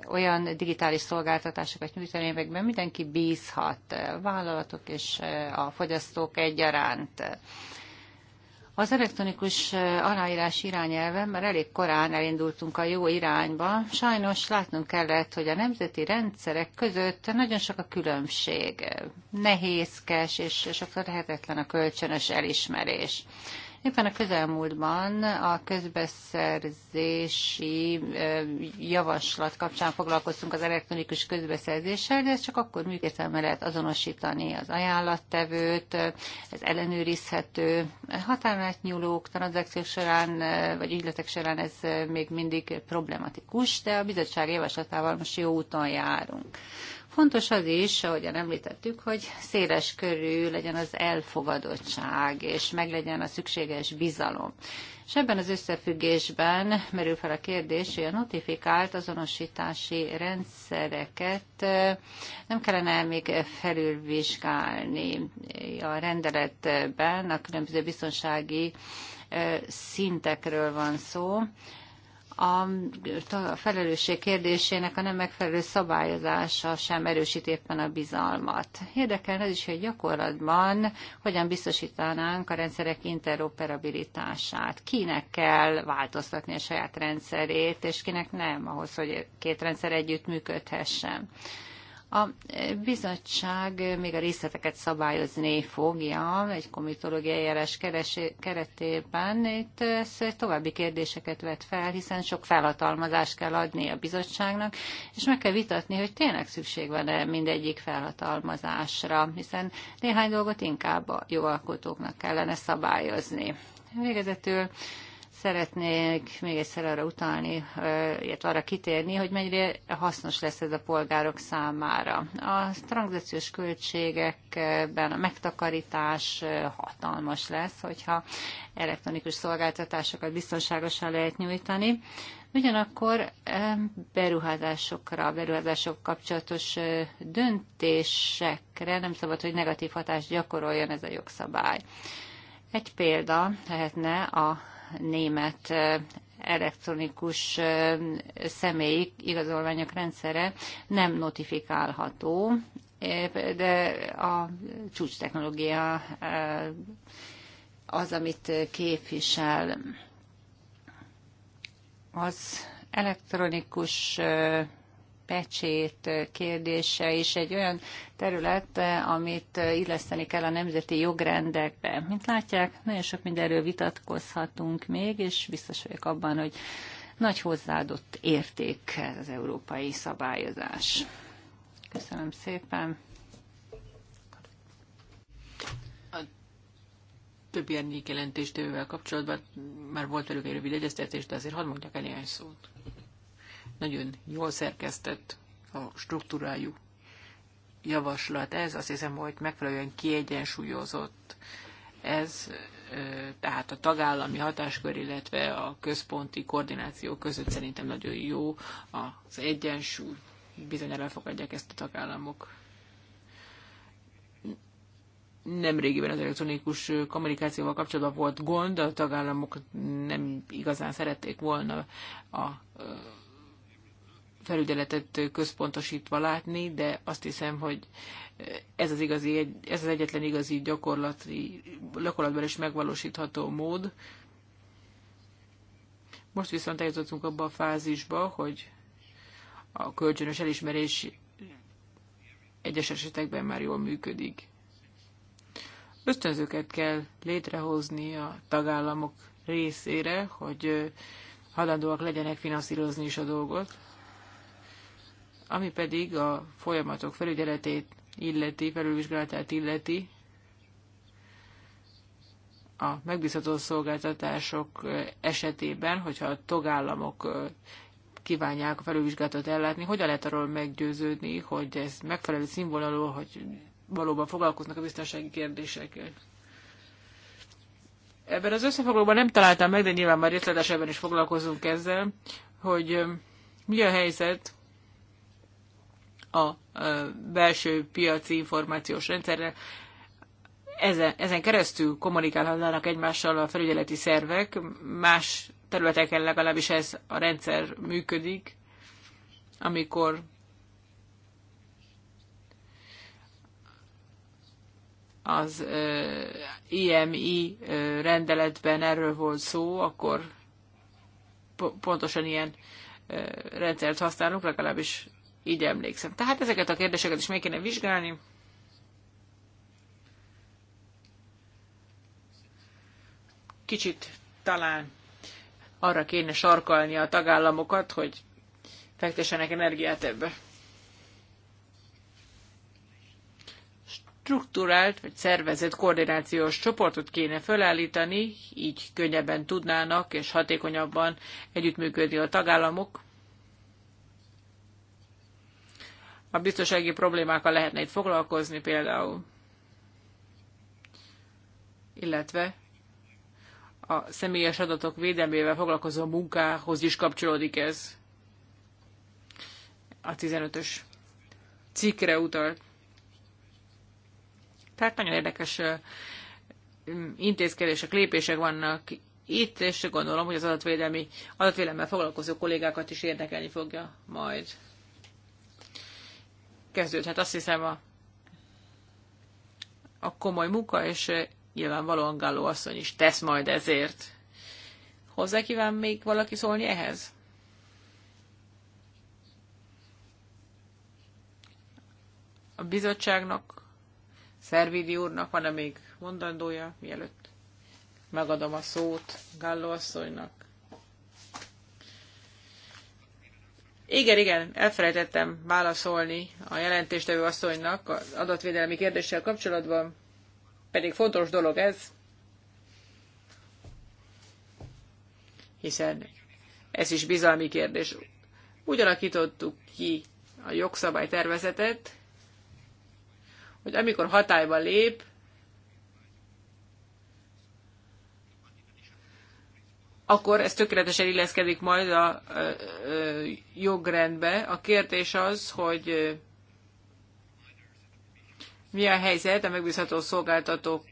olyan digitális szolgáltatásokat nyújtani, amelyekben mindenki bízhat, vállalatok és a fogyasztók egyaránt. Az elektronikus aláírás irányelve, mert elég korán elindultunk a jó irányba. Sajnos látnunk kellett, hogy a nemzeti rendszerek között nagyon sok a különbség. Nehézkes és sokszor lehetetlen a kölcsönös elismerés. Éppen a közelmúltban a közbeszerzési javaslat kapcsán foglalkoztunk az elektronikus közbeszerzéssel, de ez csak akkor működtelme lehet azonosítani az ajánlattevőt, ez ellenőrizhető. Határon átnyúlók tranzakciók során, vagy ügyletek során ez még mindig problematikus, de a bizottság javaslatával most jó úton járunk. Fontos az is, ahogyan említettük, hogy széles körű legyen az elfogadottság, és meglegyen a szükséges bizalom. És ebben az összefüggésben merül fel a kérdés, hogy a notifikált azonosítási rendszereket nem kellene még felülvizsgálni. A rendeletben a különböző biztonsági szintekről van szó, a felelősség kérdésének a nem megfelelő szabályozása sem erősít éppen a bizalmat. Érdekel ez is, hogy gyakorlatban hogyan biztosítanánk a rendszerek interoperabilitását. Kinek kell változtatni a saját rendszerét, és kinek nem ahhoz, hogy két rendszer együtt működhessen. A bizottság még a részleteket szabályozni fogja egy komitológiai eljárás keretében. Itt ez további kérdéseket vet fel, hiszen sok felhatalmazást kell adni a bizottságnak, és meg kell vitatni, hogy tényleg szükség van-e mindegyik felhatalmazásra, hiszen néhány dolgot inkább a jogalkotóknak kellene szabályozni. Végezetül Szeretnék még egyszer arra utalni, illetve arra kitérni, hogy mennyire hasznos lesz ez a polgárok számára. A tranzakciós költségekben a megtakarítás hatalmas lesz, hogyha elektronikus szolgáltatásokat biztonságosan lehet nyújtani. Ugyanakkor beruházásokra, beruházások kapcsolatos döntésekre nem szabad, hogy negatív hatást gyakoroljon ez a jogszabály. Egy példa lehetne a német elektronikus személyi igazolványok rendszere nem notifikálható, de a csúcs technológia az, amit képvisel, az elektronikus pecsét kérdése is egy olyan terület, amit illeszteni kell a nemzeti jogrendekbe. Mint látják, nagyon sok mindenről vitatkozhatunk még, és biztos vagyok abban, hogy nagy hozzáadott érték az európai szabályozás. Köszönöm szépen. A többi árnyék jelentéstevővel kapcsolatban már volt velük egy rövid egyeztetés, de azért hadd mondjak el néhány szót nagyon jól szerkesztett a struktúrájú javaslat. Ez azt hiszem, hogy megfelelően kiegyensúlyozott. Ez tehát a tagállami hatáskör, illetve a központi koordináció között szerintem nagyon jó az egyensúly. Bizonyára elfogadják ezt a tagállamok. Nemrégiben az elektronikus kommunikációval kapcsolatban volt gond, a tagállamok nem igazán szerették volna a felügyeletet központosítva látni, de azt hiszem, hogy ez az, igazi, ez az egyetlen igazi gyakorlati, gyakorlatban is megvalósítható mód. Most viszont eljutottunk abba a fázisba, hogy a kölcsönös elismerés egyes esetekben már jól működik. Ösztönzőket kell létrehozni a tagállamok részére, hogy halandóak legyenek finanszírozni is a dolgot. Ami pedig a folyamatok felügyeletét illeti, felülvizsgálatát illeti, a megbízható szolgáltatások esetében, hogyha a tagállamok kívánják a felülvizsgálatot ellátni, hogyan lehet arról meggyőződni, hogy ez megfelelő színvonalú, hogy valóban foglalkoznak a biztonsági kérdésekkel? Ebben az összefoglalóban nem találtam meg, de nyilván már részletesebben is foglalkozunk ezzel, hogy mi a helyzet a belső piaci információs rendszerre. Ezen, ezen keresztül kommunikálhatnának egymással a felügyeleti szervek, más területeken legalábbis ez a rendszer működik, amikor az IMI rendeletben erről volt szó, akkor pontosan ilyen rendszert használunk, legalábbis így emlékszem. Tehát ezeket a kérdéseket is még kéne vizsgálni. Kicsit talán arra kéne sarkalni a tagállamokat, hogy fektessenek energiát ebbe. Strukturált vagy szervezett koordinációs csoportot kéne felállítani, így könnyebben tudnának és hatékonyabban együttműködni a tagállamok, a biztonsági problémákkal lehetne itt foglalkozni például, illetve a személyes adatok védelmével foglalkozó munkához is kapcsolódik ez. A 15-ös cikkre utalt. Tehát nagyon érdekes intézkedések, lépések vannak itt, és gondolom, hogy az adatvédelmi, adatvédelemmel foglalkozó kollégákat is érdekelni fogja majd kezdődhet azt hiszem a, a komoly munka, és eh, nyilvánvalóan Galló asszony is tesz majd ezért. Hozzá kíván még valaki szólni ehhez? A bizottságnak, Szervidi úrnak van-e még mondandója, mielőtt megadom a szót Galló asszonynak? Igen, igen, elfelejtettem válaszolni a jelentéstevő asszonynak az adatvédelmi kérdéssel kapcsolatban, pedig fontos dolog ez, hiszen ez is bizalmi kérdés. Úgy alakítottuk ki a jogszabálytervezetet, hogy amikor hatályba lép, akkor ez tökéletesen illeszkedik majd a jogrendbe. A kérdés az, hogy mi a helyzet a megbízható szolgáltatók,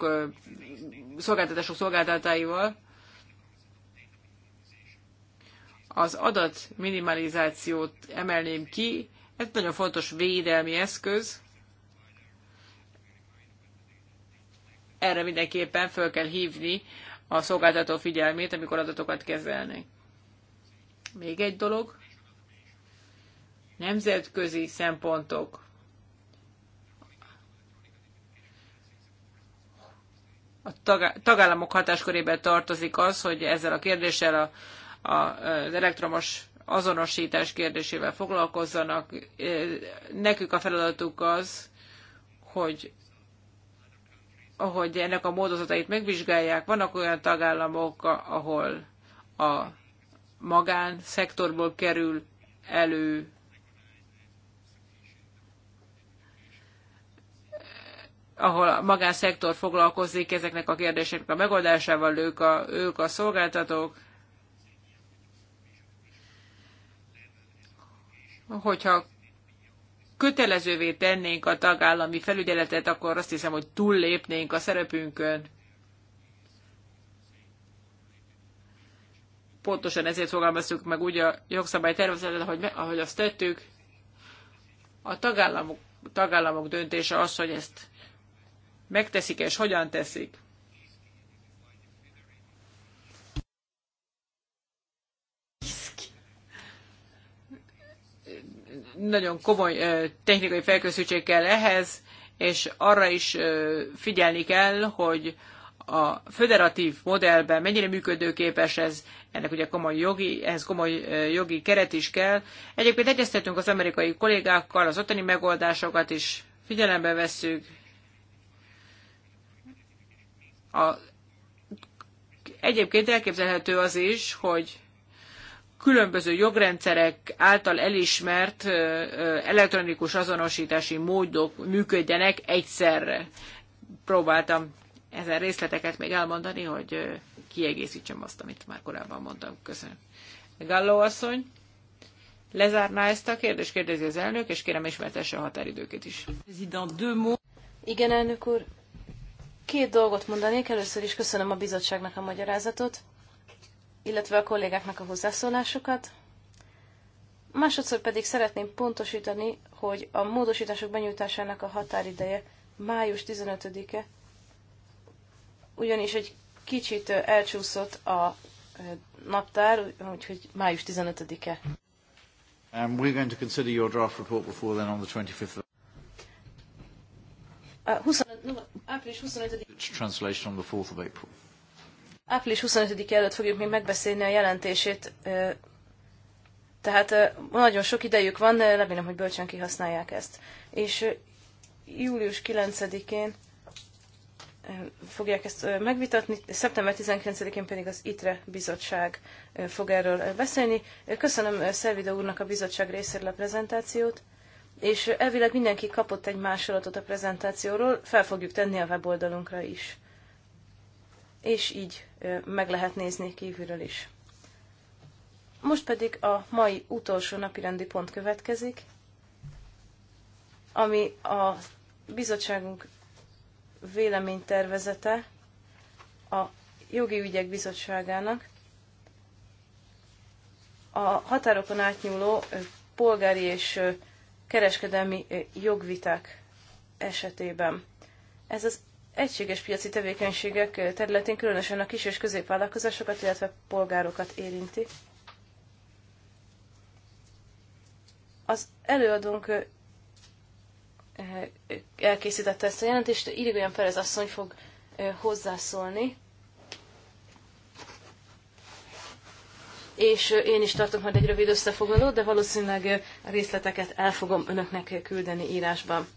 szolgáltatások szolgáltatáival, az adat minimalizációt emelném ki, ez nagyon fontos védelmi eszköz, erre mindenképpen föl kell hívni a szolgáltató figyelmét, amikor adatokat kezelnek. Még egy dolog, nemzetközi szempontok. A tagállamok hatáskörébe tartozik az, hogy ezzel a kérdéssel a, a, az elektromos azonosítás kérdésével foglalkozzanak. Nekük a feladatuk az, hogy ahogy ennek a módozatait megvizsgálják. Vannak olyan tagállamok, ahol a magánszektorból kerül elő ahol a magánszektor foglalkozik ezeknek a kérdéseknek a megoldásával, ők a, ők a szolgáltatók. Hogyha kötelezővé tennénk a tagállami felügyeletet, akkor azt hiszem, hogy túllépnénk a szerepünkön. Pontosan ezért fogalmaztuk meg úgy a jogszabálytervezetet, ahogy, ahogy azt tettük. A tagállamok, tagállamok döntése az, hogy ezt megteszik és hogyan teszik. nagyon komoly technikai felkészültség kell ehhez, és arra is figyelni kell, hogy a föderatív modellben mennyire működőképes ez, ennek ugye komoly jogi, ehhez komoly jogi keret is kell. Egyébként egyeztetünk az amerikai kollégákkal, az ottani megoldásokat is figyelembe vesszük. A, egyébként elképzelhető az is, hogy különböző jogrendszerek által elismert elektronikus azonosítási módok működjenek egyszerre. Próbáltam ezen részleteket még elmondani, hogy kiegészítsem azt, amit már korábban mondtam. Köszönöm. Galló asszony, lezárná ezt a kérdést, kérdezi az elnök, és kérem ismertesse a határidőket is. Igen, elnök úr. Két dolgot mondanék. Először is köszönöm a bizottságnak a magyarázatot illetve a kollégáknak a hozzászólásokat. Másodszor pedig szeretném pontosítani, hogy a módosítások benyújtásának a határideje május 15-e, ugyanis egy kicsit elcsúszott a naptár, úgyhogy május 15-e. Uh, um, we're going to consider your draft report before then on the 25th. It's 25, Translation on the 4th of April április 25 előtt fogjuk még megbeszélni a jelentését, tehát nagyon sok idejük van, de remélem, hogy bölcsön kihasználják ezt. És július 9-én fogják ezt megvitatni, szeptember 19-én pedig az ITRE bizottság fog erről beszélni. Köszönöm Szervida úrnak a bizottság részéről a prezentációt, és elvileg mindenki kapott egy másolatot a prezentációról, fel fogjuk tenni a weboldalunkra is és így meg lehet nézni kívülről is. Most pedig a mai utolsó napirendi pont következik, ami a bizottságunk véleménytervezete a Jogi Ügyek Bizottságának a határokon átnyúló polgári és kereskedelmi jogviták esetében. Ez az egységes piaci tevékenységek területén különösen a kis és középvállalkozásokat, illetve polgárokat érinti. Az előadónk eh, elkészítette ezt a jelentést, Irigoyen Perez asszony fog eh, hozzászólni. És eh, én is tartok majd egy rövid összefoglalót, de valószínűleg a részleteket el fogom önöknek küldeni írásban.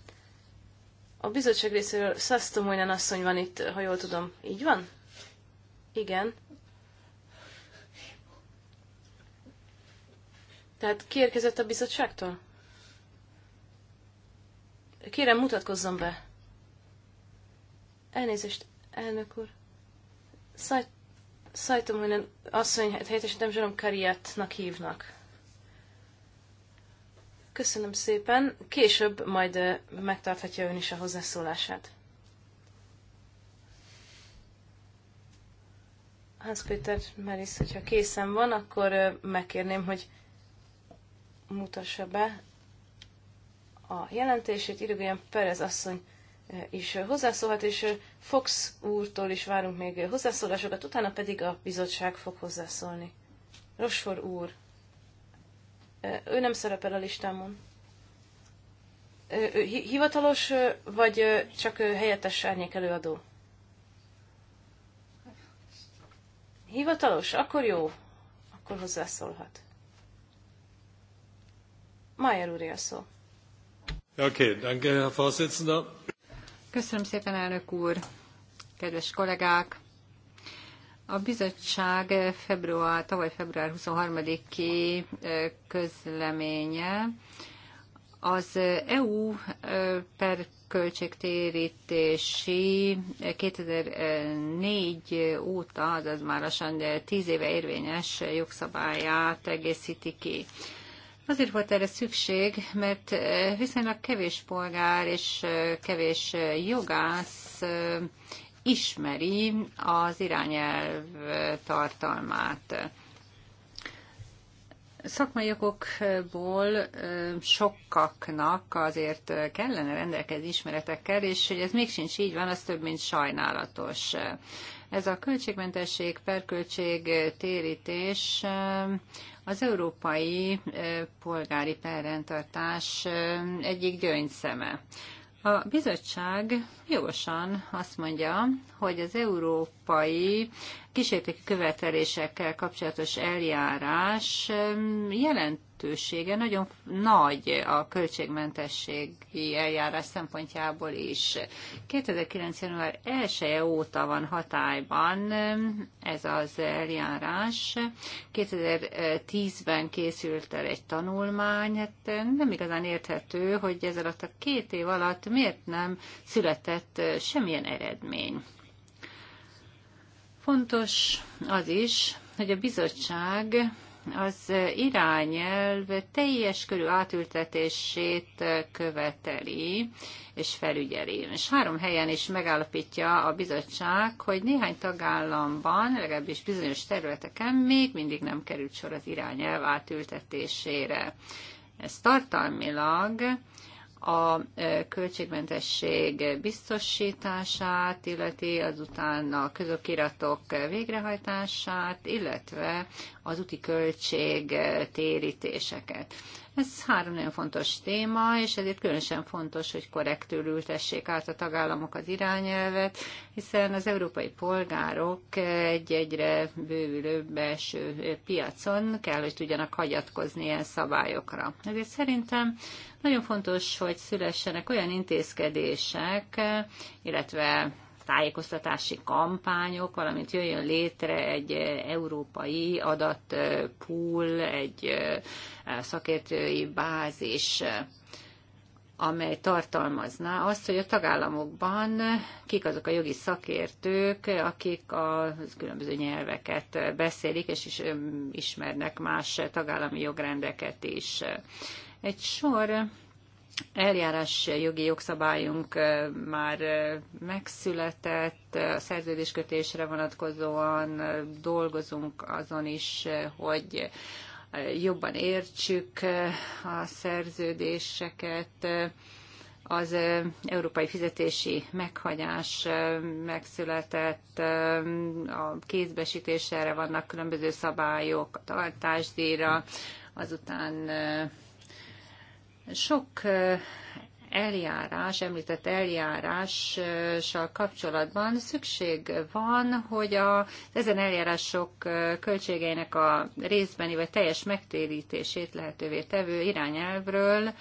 A bizottság részéről Szasztomolyan asszony van itt, ha jól tudom. Így van? Igen. Tehát kiérkezett a bizottságtól? Kérem, mutatkozzon be. Elnézést, elnök úr. Szaj... Szajtom, hogy asszony hát helyettesítem, Zsorom Kariatnak hívnak. Köszönöm szépen. Később majd megtarthatja ön is a hozzászólását. Hans Péter Merisz, hogyha készen van, akkor megkérném, hogy mutassa be a jelentését. Irigoyen Perez asszony is hozzászólhat, és Fox úrtól is várunk még hozzászólásokat, utána pedig a bizottság fog hozzászólni. Rosfor úr. Ő nem szerepel a listámon. hivatalos, vagy csak helyettes árnyék előadó? Hivatalos? Akkor jó. Akkor hozzászólhat. Mayer úr a szó. Okay, Herr Vorsitzender. Köszönöm szépen, elnök úr, kedves kollégák! A bizottság február, tavaly február 23-i közleménye az EU per költségtérítési 2004 óta, azaz már lassan 10 éve érvényes jogszabályát egészíti ki. Azért volt erre szükség, mert viszonylag kevés polgár és kevés jogász ismeri az irányelv tartalmát. Szakmai okokból sokaknak azért kellene rendelkezni ismeretekkel, és hogy ez még sincs így van, az több, mint sajnálatos. Ez a költségmentesség, perköltség térítés az európai polgári perrendtartás egyik gyöngyszeme. A bizottság jogosan azt mondja, hogy az európai kísértéki követelésekkel kapcsolatos eljárás jelent lehetősége. nagyon nagy a költségmentességi eljárás szempontjából is. 2009. január 1 -e óta van hatályban ez az eljárás. 2010-ben készült el egy tanulmány, hát nem igazán érthető, hogy ez alatt a két év alatt miért nem született semmilyen eredmény. Fontos az is, hogy a bizottság az irányelv teljes körű átültetését követeli és felügyeli. És három helyen is megállapítja a bizottság, hogy néhány tagállamban, legalábbis bizonyos területeken még mindig nem került sor az irányelv átültetésére. Ez tartalmilag a költségmentesség biztosítását, illeti azután a közokiratok végrehajtását, illetve az úti költség térítéseket. Ez három nagyon fontos téma, és ezért különösen fontos, hogy korrektül ültessék át a tagállamok az irányelvet, hiszen az európai polgárok egy egyre bővülő belső piacon kell, hogy tudjanak hagyatkozni ilyen szabályokra. Ezért szerintem nagyon fontos, hogy szülessenek olyan intézkedések, illetve tájékoztatási kampányok, valamint jöjjön létre egy eh, európai adatpool, eh, egy eh, szakértői bázis amely tartalmazná azt, hogy a tagállamokban kik azok a jogi szakértők, akik a különböző nyelveket beszélik, és is ismernek más tagállami jogrendeket is. Egy sor eljárás jogi jogszabályunk már megszületett, a szerződéskötésre vonatkozóan dolgozunk azon is, hogy jobban értsük a szerződéseket, az európai fizetési meghagyás megszületett, a kézbesítésre vannak különböző szabályok, a tartásdíjra, azután sok eljárás, említett eljárással kapcsolatban szükség van, hogy a, ezen eljárások költségeinek a részbeni vagy teljes megtérítését lehetővé tevő irányelvről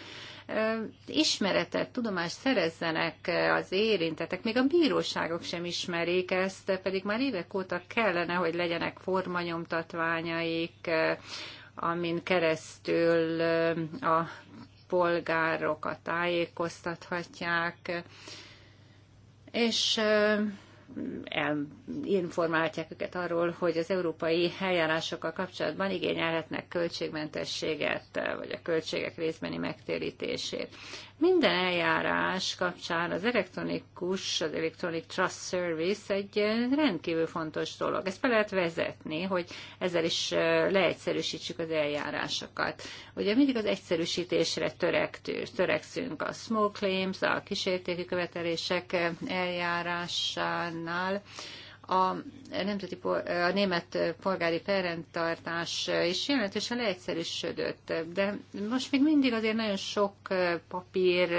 ismeretet, tudomást szerezzenek az érintetek. Még a bíróságok sem ismerik ezt, pedig már évek óta kellene, hogy legyenek formanyomtatványaik, amin keresztül a polgárokat tájékoztathatják, és informálhatják őket arról, hogy az európai eljárásokkal kapcsolatban igényelhetnek költségmentességet, eh, vagy a költségek részbeni megtérítését. Minden eljárás kapcsán az elektronikus, az Electronic Trust Service egy eh, rendkívül fontos dolog. Ezt be lehet vezetni, hogy ezzel is eh, leegyszerűsítsük az eljárásokat. Ugye mindig az egyszerűsítésre törektünk, törekszünk a small claims, a kísértéki követelések eljárásán, Japánnál a, nemzeti, a német polgári perrendtartás is jelentősen leegyszerűsödött, de most még mindig azért nagyon sok papír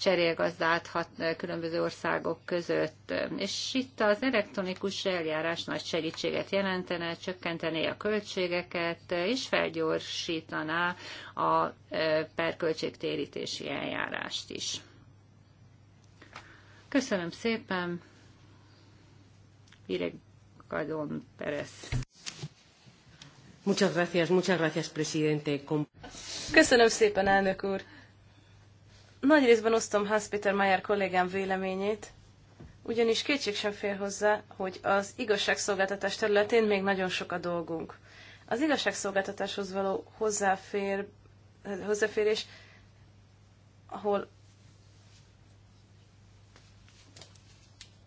cserélgazdát hat különböző országok között, és itt az elektronikus eljárás nagy segítséget jelentene, csökkentené a költségeket, és felgyorsítaná a e, perköltségtérítési eljárást is. Köszönöm szépen! Iregadon Perez. Muchas gracias, muchas gracias, presidente. Köszönöm szépen, elnök úr. Nagy részben osztom Hans Peter Mayer kollégám véleményét, ugyanis kétség sem fér hozzá, hogy az igazságszolgáltatás területén még nagyon sok a dolgunk. Az igazságszolgáltatáshoz való hozzáfér, hozzáférés, ahol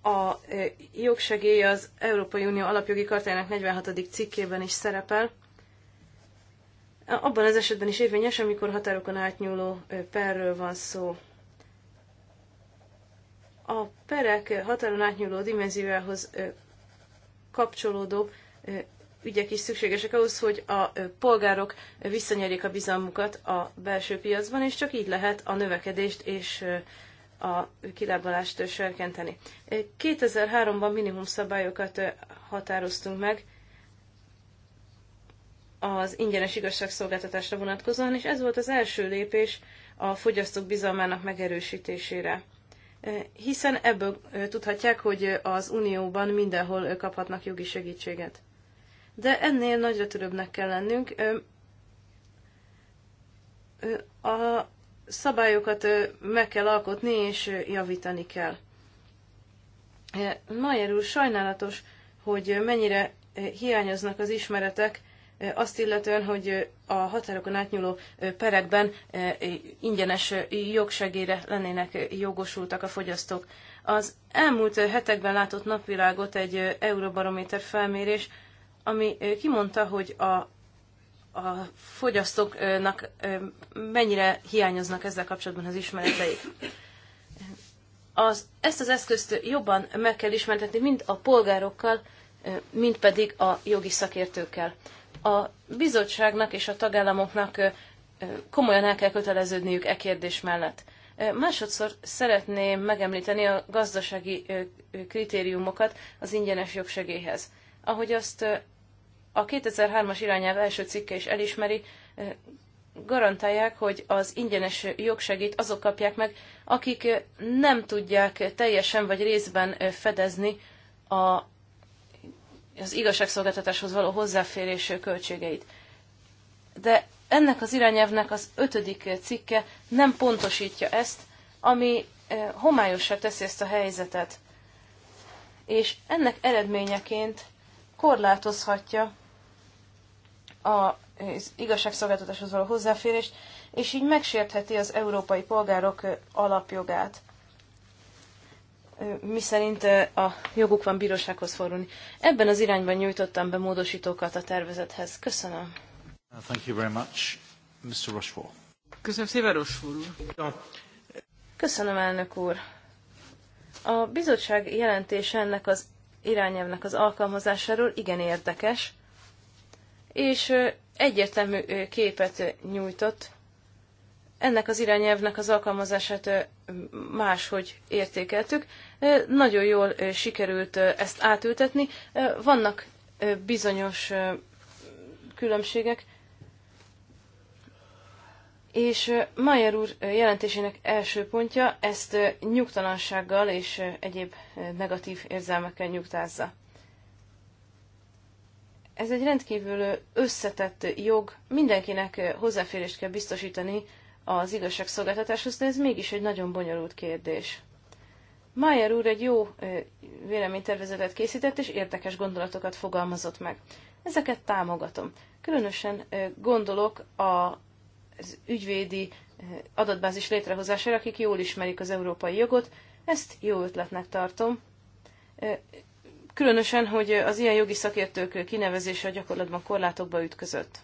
a jogsegély az Európai Unió alapjogi kartájának 46. cikkében is szerepel. Abban az esetben is érvényes, amikor határokon átnyúló perről van szó. A perek határon átnyúló dimenziójához kapcsolódó ügyek is szükségesek ahhoz, hogy a polgárok visszanyerjék a bizalmukat a belső piacban, és csak így lehet a növekedést és a kilábalást serkenteni. 2003-ban minimum szabályokat határoztunk meg az ingyenes igazságszolgáltatásra vonatkozóan, és ez volt az első lépés a fogyasztók bizalmának megerősítésére. Hiszen ebből tudhatják, hogy az Unióban mindenhol kaphatnak jogi segítséget. De ennél nagyra törőbbnek kell lennünk. A szabályokat meg kell alkotni, és javítani kell. Mayer úr, sajnálatos, hogy mennyire hiányoznak az ismeretek azt illetően, hogy a határokon átnyúló perekben ingyenes jogsegére lennének jogosultak a fogyasztók. Az elmúlt hetekben látott napvilágot egy Eurobarométer felmérés, ami kimondta, hogy a a fogyasztóknak mennyire hiányoznak ezzel kapcsolatban az ismereteik. Az, ezt az eszközt jobban meg kell ismertetni mind a polgárokkal, mind pedig a jogi szakértőkkel. A bizottságnak és a tagállamoknak komolyan el kell köteleződniük e kérdés mellett. Másodszor szeretném megemlíteni a gazdasági kritériumokat az ingyenes jogsegélyhez. Ahogy azt a 2003-as irányelv első cikke is elismeri, eh, garantálják, hogy az ingyenes jogsegít azok kapják meg, akik eh, nem tudják teljesen vagy részben eh, fedezni a, az igazságszolgáltatáshoz való hozzáférés költségeit. De ennek az irányelvnek az ötödik cikke nem pontosítja ezt, ami homályosra teszi ezt a helyzetet. És ennek eredményeként korlátozhatja az igazságszolgáltatáshoz való hozzáférést, és így megsértheti az európai polgárok alapjogát miszerint a joguk van bírósághoz fordulni. Ebben az irányban nyújtottam be módosítókat a tervezethez. Köszönöm. Thank you very much, Mr. Rochefort. Köszönöm szépen, Rochefort Köszönöm, elnök úr. A bizottság jelentése ennek az irányelvnek az alkalmazásáról igen érdekes, és egyértelmű képet nyújtott. Ennek az irányelvnek az alkalmazását máshogy értékeltük. Nagyon jól sikerült ezt átültetni. Vannak bizonyos különbségek, és Mayer úr jelentésének első pontja ezt nyugtalansággal és egyéb negatív érzelmekkel nyugtázza. Ez egy rendkívül összetett jog, mindenkinek hozzáférést kell biztosítani az igazságszolgáltatáshoz, de ez mégis egy nagyon bonyolult kérdés. Mayer úr egy jó véleménytervezetet készített, és érdekes gondolatokat fogalmazott meg. Ezeket támogatom. Különösen gondolok az ügyvédi adatbázis létrehozására, akik jól ismerik az európai jogot, ezt jó ötletnek tartom. Különösen, hogy az ilyen jogi szakértők kinevezése a gyakorlatban korlátokba ütközött.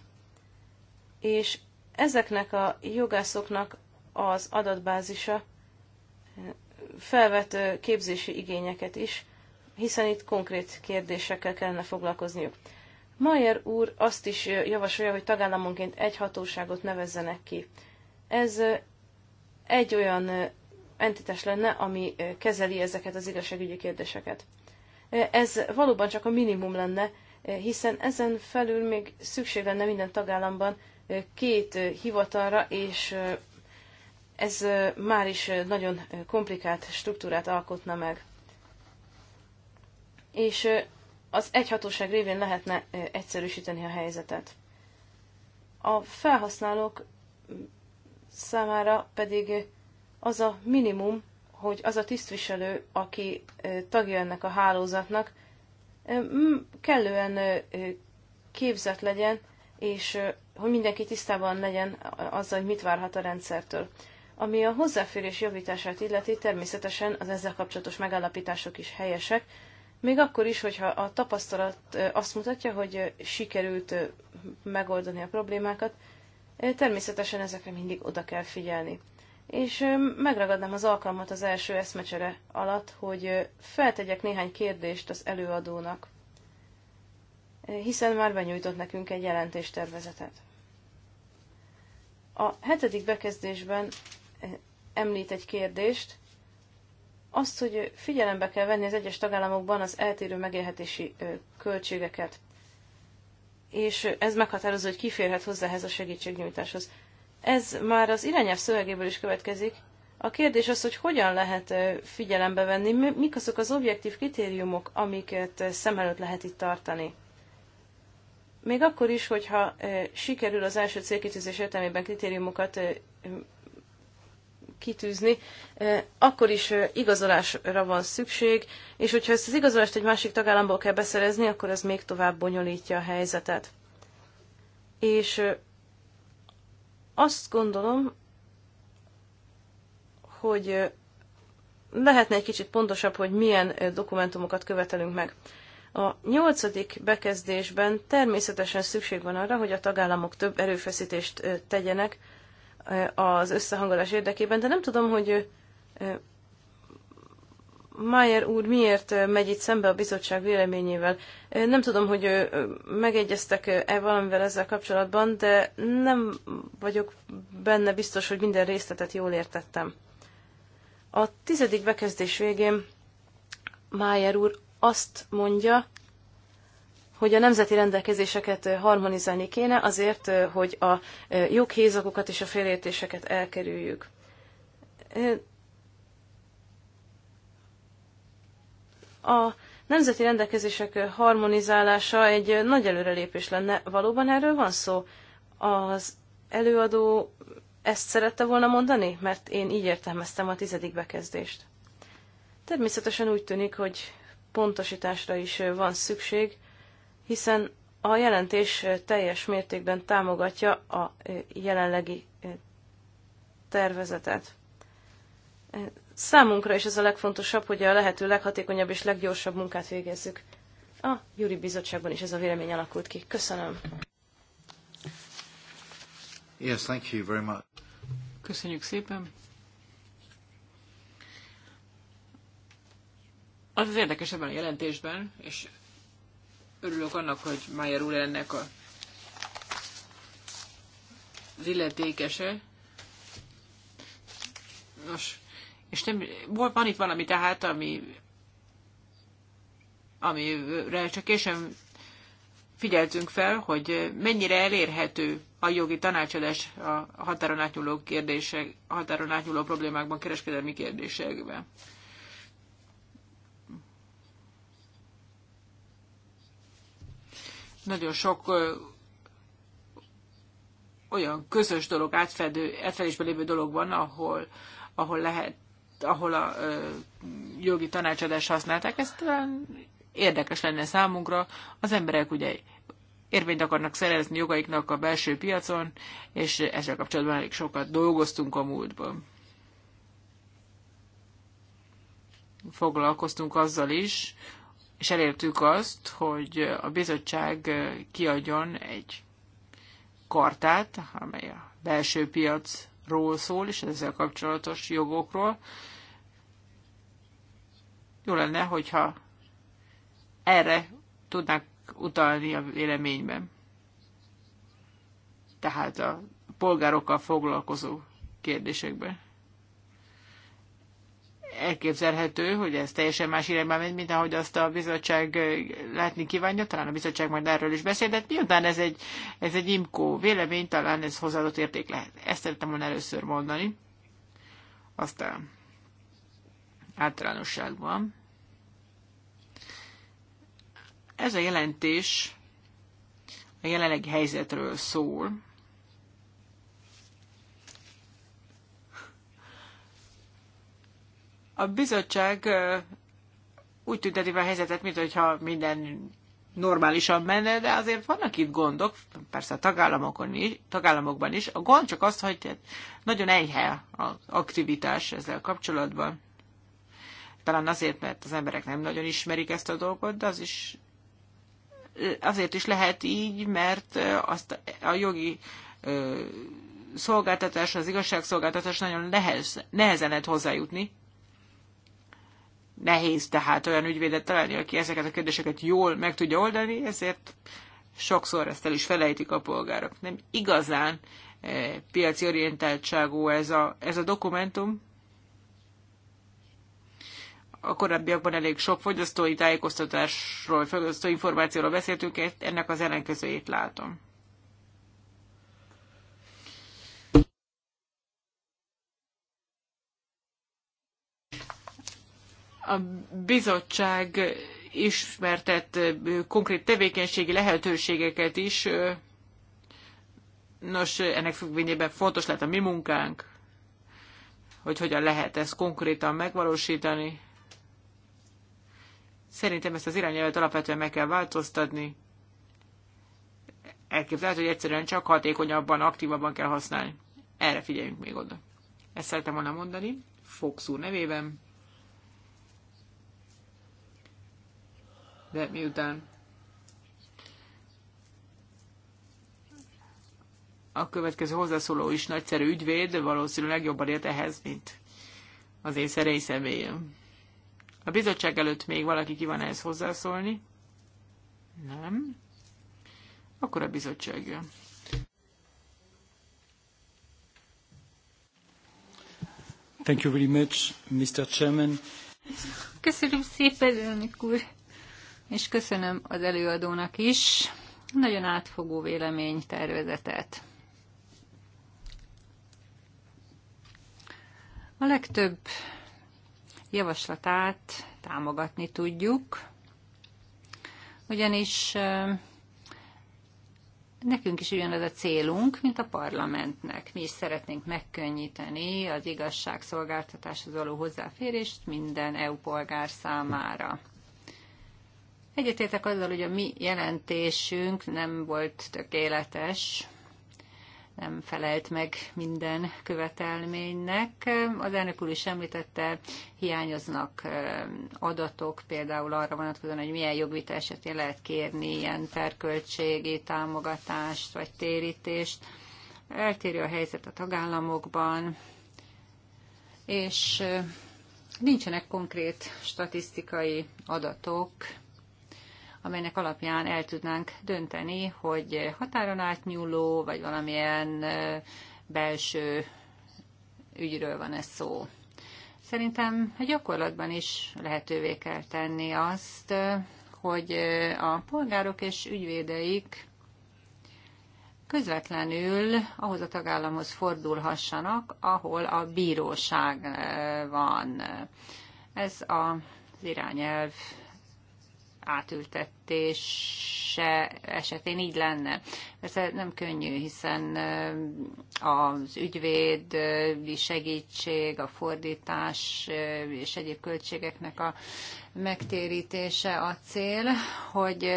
És ezeknek a jogászoknak az adatbázisa felvet képzési igényeket is, hiszen itt konkrét kérdésekkel kellene foglalkozniuk. Mayer úr azt is javasolja, hogy tagállamonként egy hatóságot nevezzenek ki. Ez egy olyan entitás lenne, ami kezeli ezeket az igazságügyi kérdéseket. Ez valóban csak a minimum lenne, hiszen ezen felül még szükség lenne minden tagállamban két hivatalra, és ez már is nagyon komplikált struktúrát alkotna meg. És az egyhatóság révén lehetne egyszerűsíteni a helyzetet. A felhasználók számára pedig az a minimum, hogy az a tisztviselő, aki tagja ennek a hálózatnak, kellően képzett legyen, és hogy mindenki tisztában legyen azzal, hogy mit várhat a rendszertől. Ami a hozzáférés javítását illeti, természetesen az ezzel kapcsolatos megállapítások is helyesek, még akkor is, hogyha a tapasztalat azt mutatja, hogy sikerült megoldani a problémákat, természetesen ezekre mindig oda kell figyelni és megragadnám az alkalmat az első eszmecsere alatt, hogy feltegyek néhány kérdést az előadónak, hiszen már benyújtott nekünk egy jelentéstervezetet. A hetedik bekezdésben említ egy kérdést, azt, hogy figyelembe kell venni az egyes tagállamokban az eltérő megélhetési költségeket, és ez meghatározó, hogy kiférhet hozzá ehhez a segítségnyújtáshoz. Ez már az irányelv szövegéből is következik. A kérdés az, hogy hogyan lehet figyelembe venni, mik azok az objektív kritériumok, amiket szem előtt lehet itt tartani. Még akkor is, hogyha sikerül az első célkitűzés értelmében kritériumokat kitűzni, akkor is igazolásra van szükség, és hogyha ezt az igazolást egy másik tagállamból kell beszerezni, akkor ez még tovább bonyolítja a helyzetet. És azt gondolom, hogy lehetne egy kicsit pontosabb, hogy milyen dokumentumokat követelünk meg. A nyolcadik bekezdésben természetesen szükség van arra, hogy a tagállamok több erőfeszítést tegyenek az összehangolás érdekében, de nem tudom, hogy Mayer úr miért megy itt szembe a bizottság véleményével. Nem tudom, hogy megegyeztek-e valamivel ezzel kapcsolatban, de nem vagyok benne biztos, hogy minden részletet jól értettem. A tizedik bekezdés végén Mayer úr azt mondja, hogy a nemzeti rendelkezéseket harmonizálni kéne azért, hogy a joghézakokat és a félértéseket elkerüljük A nemzeti rendelkezések harmonizálása egy nagy előrelépés lenne. Valóban erről van szó? Az előadó ezt szerette volna mondani? Mert én így értelmeztem a tizedik bekezdést. Természetesen úgy tűnik, hogy pontosításra is van szükség, hiszen a jelentés teljes mértékben támogatja a jelenlegi tervezetet. Számunkra is ez a legfontosabb, hogy a lehető leghatékonyabb és leggyorsabb munkát végezzük. A Júri Bizottságban is ez a vélemény alakult ki. Köszönöm. Yes, thank you very much. Köszönjük szépen. Az az érdekes ebben a jelentésben, és örülök annak, hogy Májer úr ennek a illetékese. Nos, és nem, van itt valami tehát, ami, amire csak későn figyeltünk fel, hogy mennyire elérhető a jogi tanácsadás a határon átnyúló kérdések, határon átnyúló problémákban, kereskedelmi kérdésekben. Nagyon sok ö, olyan közös dolog, átfedő, átfedésben lévő dolog van, ahol, ahol lehet ahol a jogi tanácsadás használták. Ez talán érdekes lenne számunkra. Az emberek ugye érvényt akarnak szerezni jogaiknak a belső piacon, és ezzel kapcsolatban elég sokat dolgoztunk a múltban. Foglalkoztunk azzal is, és elértük azt, hogy a bizottság kiadjon egy kartát, amely a belső piac ról szól, és ezzel kapcsolatos jogokról. Jó lenne, hogyha erre tudnák utalni a véleményben. Tehát a polgárokkal foglalkozó kérdésekben elképzelhető, hogy ez teljesen más irányba megy, mint ahogy azt a bizottság látni kívánja, talán a bizottság majd erről is beszél, de miután hát ez egy, ez egy imkó vélemény, talán ez hozzáadott érték lehet. Ezt szerettem volna először mondani. Aztán általánosságban. Ez a jelentés a jelenlegi helyzetről szól, A bizottság úgy tünteti a helyzetet, mintha minden normálisan menne, de azért vannak itt gondok, persze a tagállamokon is, tagállamokban is. A gond csak az, hogy nagyon enyhe az aktivitás ezzel kapcsolatban. Talán azért, mert az emberek nem nagyon ismerik ezt a dolgot, de az is azért is lehet így, mert azt a jogi szolgáltatás, az igazságszolgáltatás nagyon nehez, nehezen lehet hozzájutni Nehéz tehát olyan ügyvédet találni, aki ezeket a kérdéseket jól meg tudja oldani, ezért sokszor ezt el is felejtik a polgárok. Nem igazán eh, piaci orientáltságú ez a, ez a dokumentum. A korábbiakban elég sok fogyasztói tájékoztatásról, fogyasztói információról beszéltünk, ennek az ellenkezőjét látom. A bizottság ismertett konkrét tevékenységi lehetőségeket is. Nos, ennek függvényében fontos lehet a mi munkánk, hogy hogyan lehet ezt konkrétan megvalósítani. Szerintem ezt az irányelvet alapvetően meg kell változtatni. Elképzelhető, hogy egyszerűen csak hatékonyabban, aktívabban kell használni. Erre figyeljünk még oda. Ezt szeretem volna mondani, Fox úr nevében. de miután a következő hozzászóló is nagyszerű ügyvéd, valószínűleg jobban ért ehhez, mint az én szerei személyem. A bizottság előtt még valaki van ehhez hozzászólni? Nem. Akkor a bizottság jön. Thank you very much, Mr. Chairman. Köszönöm szépen, elnök úr és köszönöm az előadónak is nagyon átfogó tervezetet. A legtöbb javaslatát támogatni tudjuk, ugyanis nekünk is ugyanaz a célunk, mint a parlamentnek. Mi is szeretnénk megkönnyíteni az igazságszolgáltatáshoz való hozzáférést minden EU polgár számára. Egyetértek azzal, hogy a mi jelentésünk nem volt tökéletes, nem felelt meg minden követelménynek. Az elnök úr is említette, hiányoznak adatok, például arra vonatkozóan, hogy milyen jogvita esetén lehet kérni ilyen perköltségi támogatást vagy térítést. Eltérő a helyzet a tagállamokban, és nincsenek konkrét statisztikai adatok amelynek alapján el tudnánk dönteni, hogy határon átnyúló, vagy valamilyen belső ügyről van ez szó. Szerintem a gyakorlatban is lehetővé kell tenni azt, hogy a polgárok és ügyvédeik közvetlenül ahhoz a tagállamhoz fordulhassanak, ahol a bíróság van. Ez az irányelv átültetése esetén így lenne. Persze nem könnyű, hiszen az ügyvédi segítség, a fordítás és egyéb költségeknek a megtérítése a cél, hogy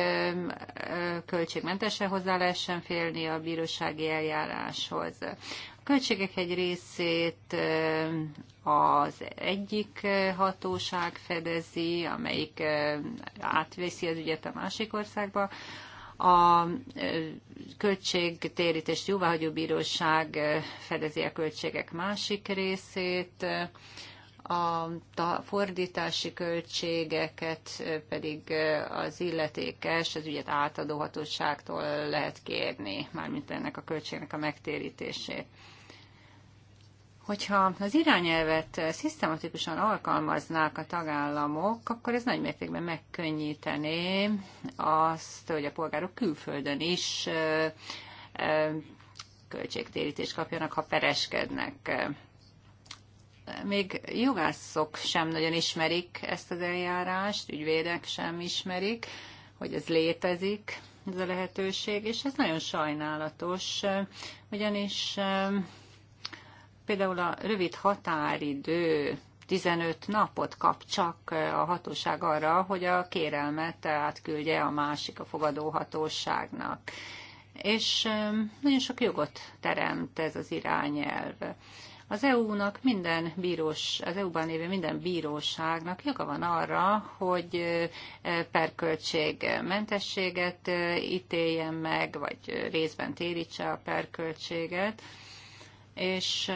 költségmentesen hozzá lehessen félni a bírósági eljáráshoz költségek egy részét az egyik hatóság fedezi, amelyik átveszi az ügyet a másik országba, a költségtérítést jóváhagyó bíróság fedezi a költségek másik részét, a fordítási költségeket pedig az illetékes, az ügyet átadó hatóságtól lehet kérni, mármint ennek a költségnek a megtérítését hogyha az irányelvet szisztematikusan alkalmaznák a tagállamok, akkor ez nagy mértékben megkönnyítené azt, hogy a polgárok külföldön is költségtérítést kapjanak, ha pereskednek. Még jogászok sem nagyon ismerik ezt az eljárást, ügyvédek sem ismerik, hogy ez létezik, ez a lehetőség, és ez nagyon sajnálatos, ugyanis például a rövid határidő 15 napot kap csak a hatóság arra, hogy a kérelmet átküldje a másik, a fogadó hatóságnak. És nagyon sok jogot teremt ez az irányelv. Az EU-nak minden bírós, az EU-ban lévő minden bíróságnak joga van arra, hogy perköltség mentességet ítéljen meg, vagy részben térítse a perköltséget és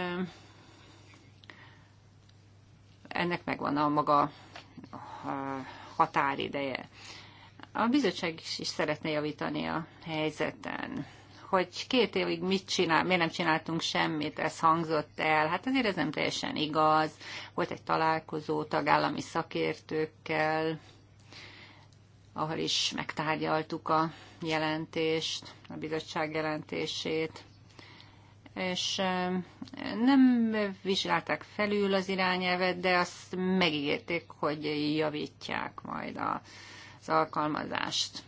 ennek megvan a maga határideje. A bizottság is, is szeretne javítani a helyzeten. Hogy két évig mit csinál, miért nem csináltunk semmit, ez hangzott el. Hát azért ez nem teljesen igaz. Volt egy találkozó tagállami szakértőkkel, ahol is megtárgyaltuk a jelentést, a bizottság jelentését és nem vizsgálták felül az irányelvet, de azt megígérték, hogy javítják majd az alkalmazást.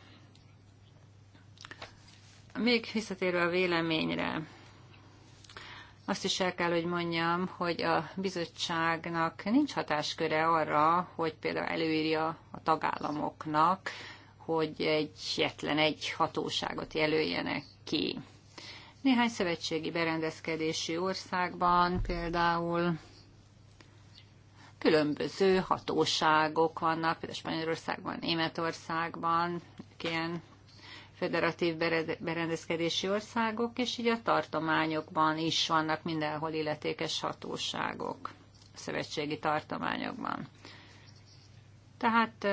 Még visszatérve a véleményre, azt is el kell, hogy mondjam, hogy a bizottságnak nincs hatásköre arra, hogy például előírja a tagállamoknak, hogy egyetlen egy hatóságot jelöljenek ki. Néhány szövetségi berendezkedési országban például különböző hatóságok vannak, például Spanyolországban, Németországban, ilyen federatív berendezkedési országok, és így a tartományokban is vannak mindenhol illetékes hatóságok, szövetségi tartományokban. Tehát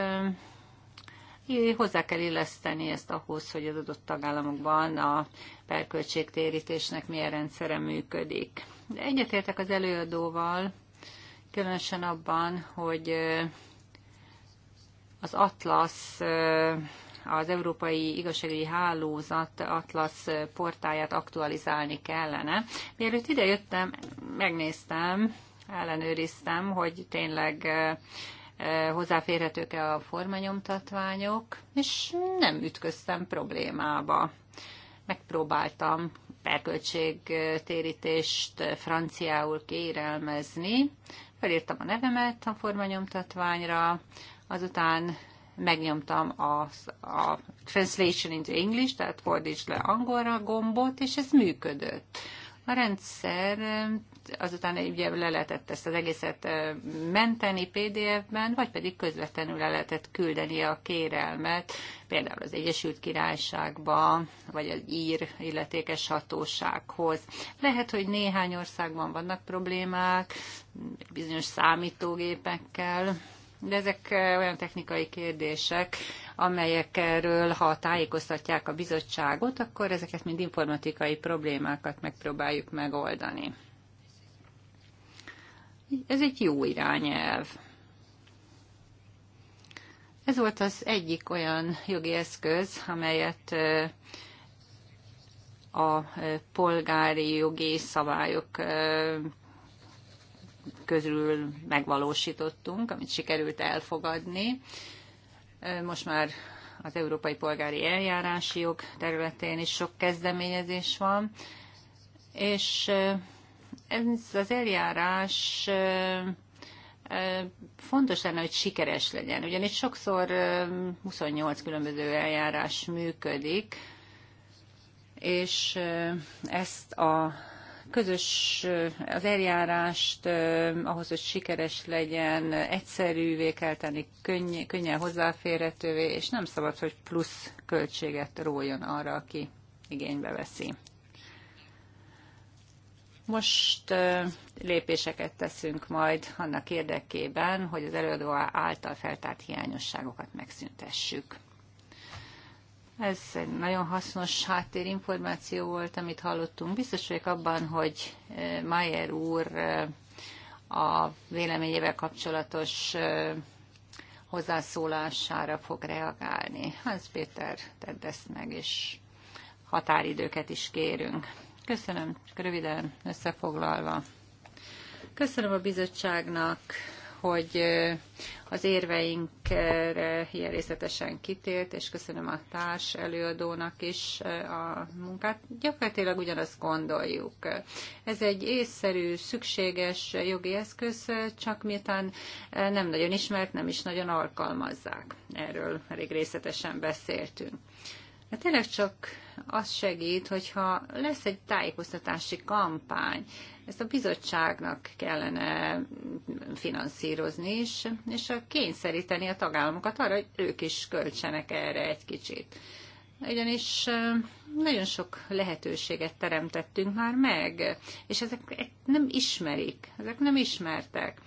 hozzá kell illeszteni ezt ahhoz, hogy az adott tagállamokban a perköltségtérítésnek milyen rendszere működik. De egyetértek az előadóval, különösen abban, hogy az Atlasz, az Európai Igazságügyi Hálózat Atlasz portáját aktualizálni kellene. Mielőtt ide jöttem, megnéztem, ellenőriztem, hogy tényleg Eh, hozzáférhetők-e a formanyomtatványok, és nem ütköztem problémába. Megpróbáltam perköltségtérítést franciául kérelmezni, felírtam a nevemet a formanyomtatványra, azután megnyomtam a, a Translation into English, tehát fordítsd le angolra gombot, és ez működött. A rendszer azután ugye le lehetett ezt az egészet menteni PDF-ben, vagy pedig közvetlenül le lehetett küldeni a kérelmet, például az Egyesült Királyságba, vagy az ír illetékes hatósághoz. Lehet, hogy néhány országban vannak problémák, bizonyos számítógépekkel, de ezek olyan technikai kérdések, amelyekről, ha tájékoztatják a bizottságot, akkor ezeket mind informatikai problémákat megpróbáljuk megoldani ez egy jó irányelv. Ez volt az egyik olyan jogi eszköz, amelyet a polgári jogi szabályok közül megvalósítottunk, amit sikerült elfogadni. Most már az európai polgári eljárási jog területén is sok kezdeményezés van, és ez az eljárás fontos lenne, hogy sikeres legyen, ugyanis sokszor 28 különböző eljárás működik, és ezt a közös az eljárást ahhoz, hogy sikeres legyen, egyszerűvé kell tenni, könny- könnyen hozzáférhetővé, és nem szabad, hogy plusz költséget róljon arra, aki igénybe veszi. Most lépéseket teszünk majd annak érdekében, hogy az előadó által feltárt hiányosságokat megszüntessük. Ez egy nagyon hasznos háttérinformáció volt, amit hallottunk. Biztos vagyok abban, hogy Mayer úr a véleményével kapcsolatos hozzászólására fog reagálni. Hans Péter tedd ezt meg, és határidőket is kérünk. Köszönöm, röviden összefoglalva. Köszönöm a bizottságnak, hogy az érveinkre ilyen részletesen kitért, és köszönöm a társ előadónak is a munkát. Gyakorlatilag ugyanazt gondoljuk. Ez egy észszerű, szükséges jogi eszköz, csak miután nem nagyon ismert, nem is nagyon alkalmazzák. Erről elég részletesen beszéltünk. Hát tényleg csak az segít, hogyha lesz egy tájékoztatási kampány, ezt a bizottságnak kellene finanszírozni is, és kényszeríteni a tagállamokat arra, hogy ők is költsenek erre egy kicsit. Ugyanis nagyon sok lehetőséget teremtettünk már meg, és ezek nem ismerik, ezek nem ismertek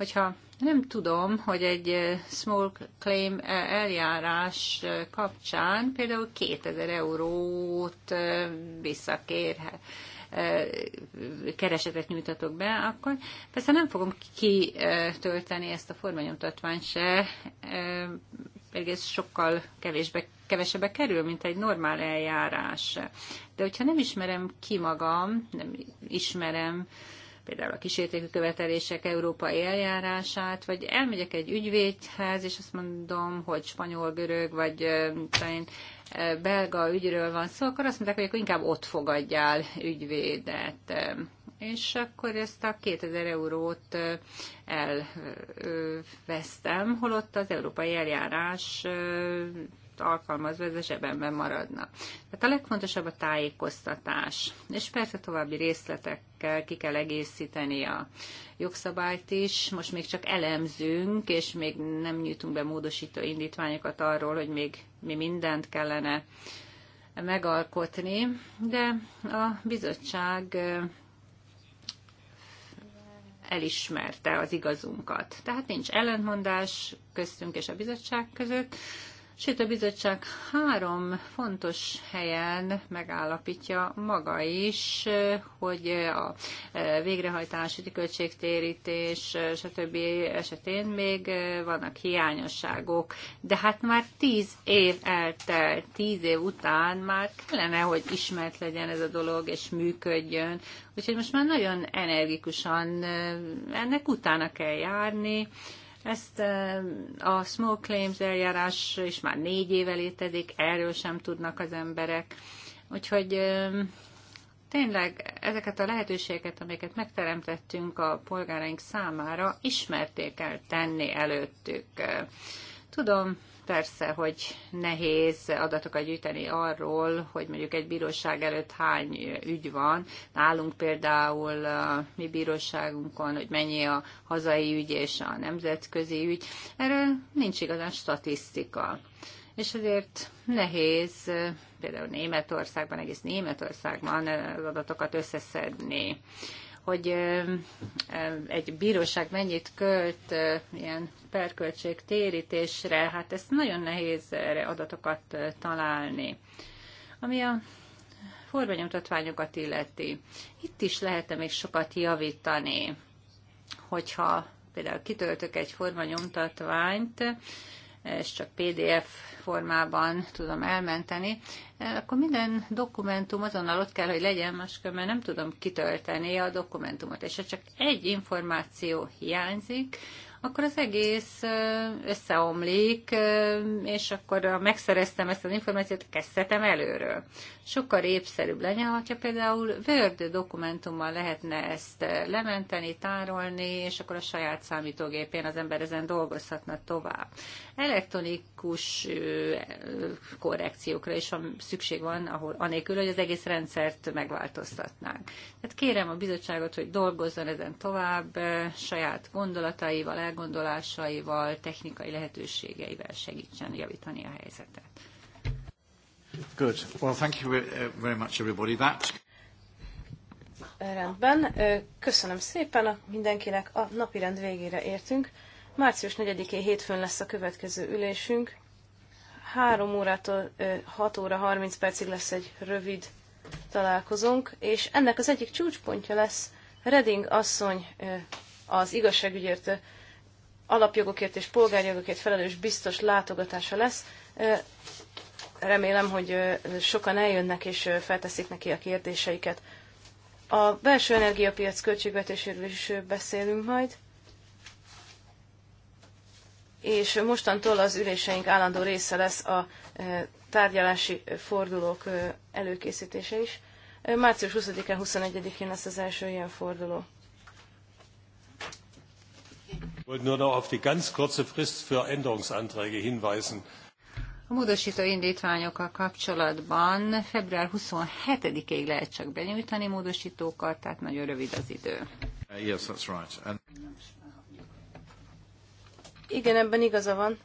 hogyha nem tudom, hogy egy small claim eljárás kapcsán például 2000 eurót visszakérhet, keresetet nyújtatok be, akkor persze nem fogom kitölteni ezt a formanyomtatványt se, ez sokkal kevésbe, kevesebbe kerül, mint egy normál eljárás. De hogyha nem ismerem ki magam, nem ismerem, például a kísértékű követelések európai eljárását, vagy elmegyek egy ügyvédhez, és azt mondom, hogy spanyol, görög, vagy talán belga ügyről van szó, akkor azt mondták, hogy akkor inkább ott fogadjál ügyvédet. És akkor ezt a 2000 eurót elvesztem, holott az európai eljárás alkalmazva ez a zsebemben maradna. Tehát a legfontosabb a tájékoztatás, és persze további részletekkel ki kell egészíteni a jogszabályt is. Most még csak elemzünk, és még nem nyújtunk be módosító indítványokat arról, hogy még mi mindent kellene megalkotni, de a bizottság elismerte az igazunkat. Tehát nincs ellentmondás köztünk és a bizottság között sőt a bizottság három fontos helyen megállapítja maga is, hogy a e, végrehajtási költségtérítés, e, stb. esetén még e, vannak hiányosságok, de hát már tíz év eltelt, tíz év után már kellene, hogy ismert legyen ez a dolog, és működjön, Úgyhogy most már nagyon energikusan ennek utána kell járni, ezt a small claims eljárás is már négy éve létezik, erről sem tudnak az emberek. Úgyhogy tényleg ezeket a lehetőségeket, amiket megteremtettünk a polgáraink számára, ismerték el tenni előttük. Tudom, persze, hogy nehéz adatokat gyűjteni arról, hogy mondjuk egy bíróság előtt hány ügy van. Nálunk például a mi bíróságunkon, hogy mennyi a hazai ügy és a nemzetközi ügy. Erről nincs igazán statisztika. És ezért nehéz eh, például Németországban, egész Németországban eh, az adatokat összeszedni hogy egy bíróság mennyit költ ilyen perköltség térítésre, hát ezt nagyon nehéz erre adatokat találni. Ami a formanyomtatványokat illeti, itt is lehetne még sokat javítani, hogyha például kitöltök egy formanyomtatványt, és csak PDF formában tudom elmenteni, e, akkor minden dokumentum azonnal ott kell, hogy legyen, mert nem tudom kitölteni a dokumentumot. És ha csak egy információ hiányzik, akkor az egész összeomlik, és akkor ha megszereztem ezt az információt, kezdhetem előről. Sokkal épszerűbb lenne, ha például Word dokumentummal lehetne ezt lementeni, tárolni, és akkor a saját számítógépén az ember ezen dolgozhatna tovább. Elektronikus korrekciókra is van, szükség van, ahol anélkül, hogy az egész rendszert megváltoztatnánk. Tehát kérem a bizottságot, hogy dolgozzon ezen tovább, saját gondolataival, elgondolásaival, technikai lehetőségeivel segítsen javítani a helyzetet. Good. Well, thank you uh, very much everybody. That... Rendben, köszönöm szépen a mindenkinek, a napirend végére értünk. Március 4-én hétfőn lesz a következő ülésünk. 3 órától 6 óra 30 percig lesz egy rövid találkozónk, és ennek az egyik csúcspontja lesz Reding asszony az igazságügyért alapjogokért és polgárjogokért felelős biztos látogatása lesz. Remélem, hogy sokan eljönnek és felteszik neki a kérdéseiket. A belső energiapiac költségvetéséről is beszélünk majd. És mostantól az üléseink állandó része lesz a tárgyalási fordulók előkészítése is. Március 20-án, 21-én lesz az első ilyen forduló wollte nur noch auf die ganz kurze Frist für Änderungsanträge hinweisen. A módosító indítványokkal kapcsolatban február 27-ig lehet csak benyújtani módosítókat, tehát nagyon rövid az idő. Uh, yes, that's right. And... Igen, ebben igaza van.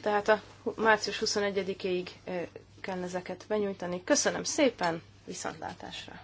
Tehát a március 21-ig eh, kell ezeket benyújtani. Köszönöm szépen, viszontlátásra!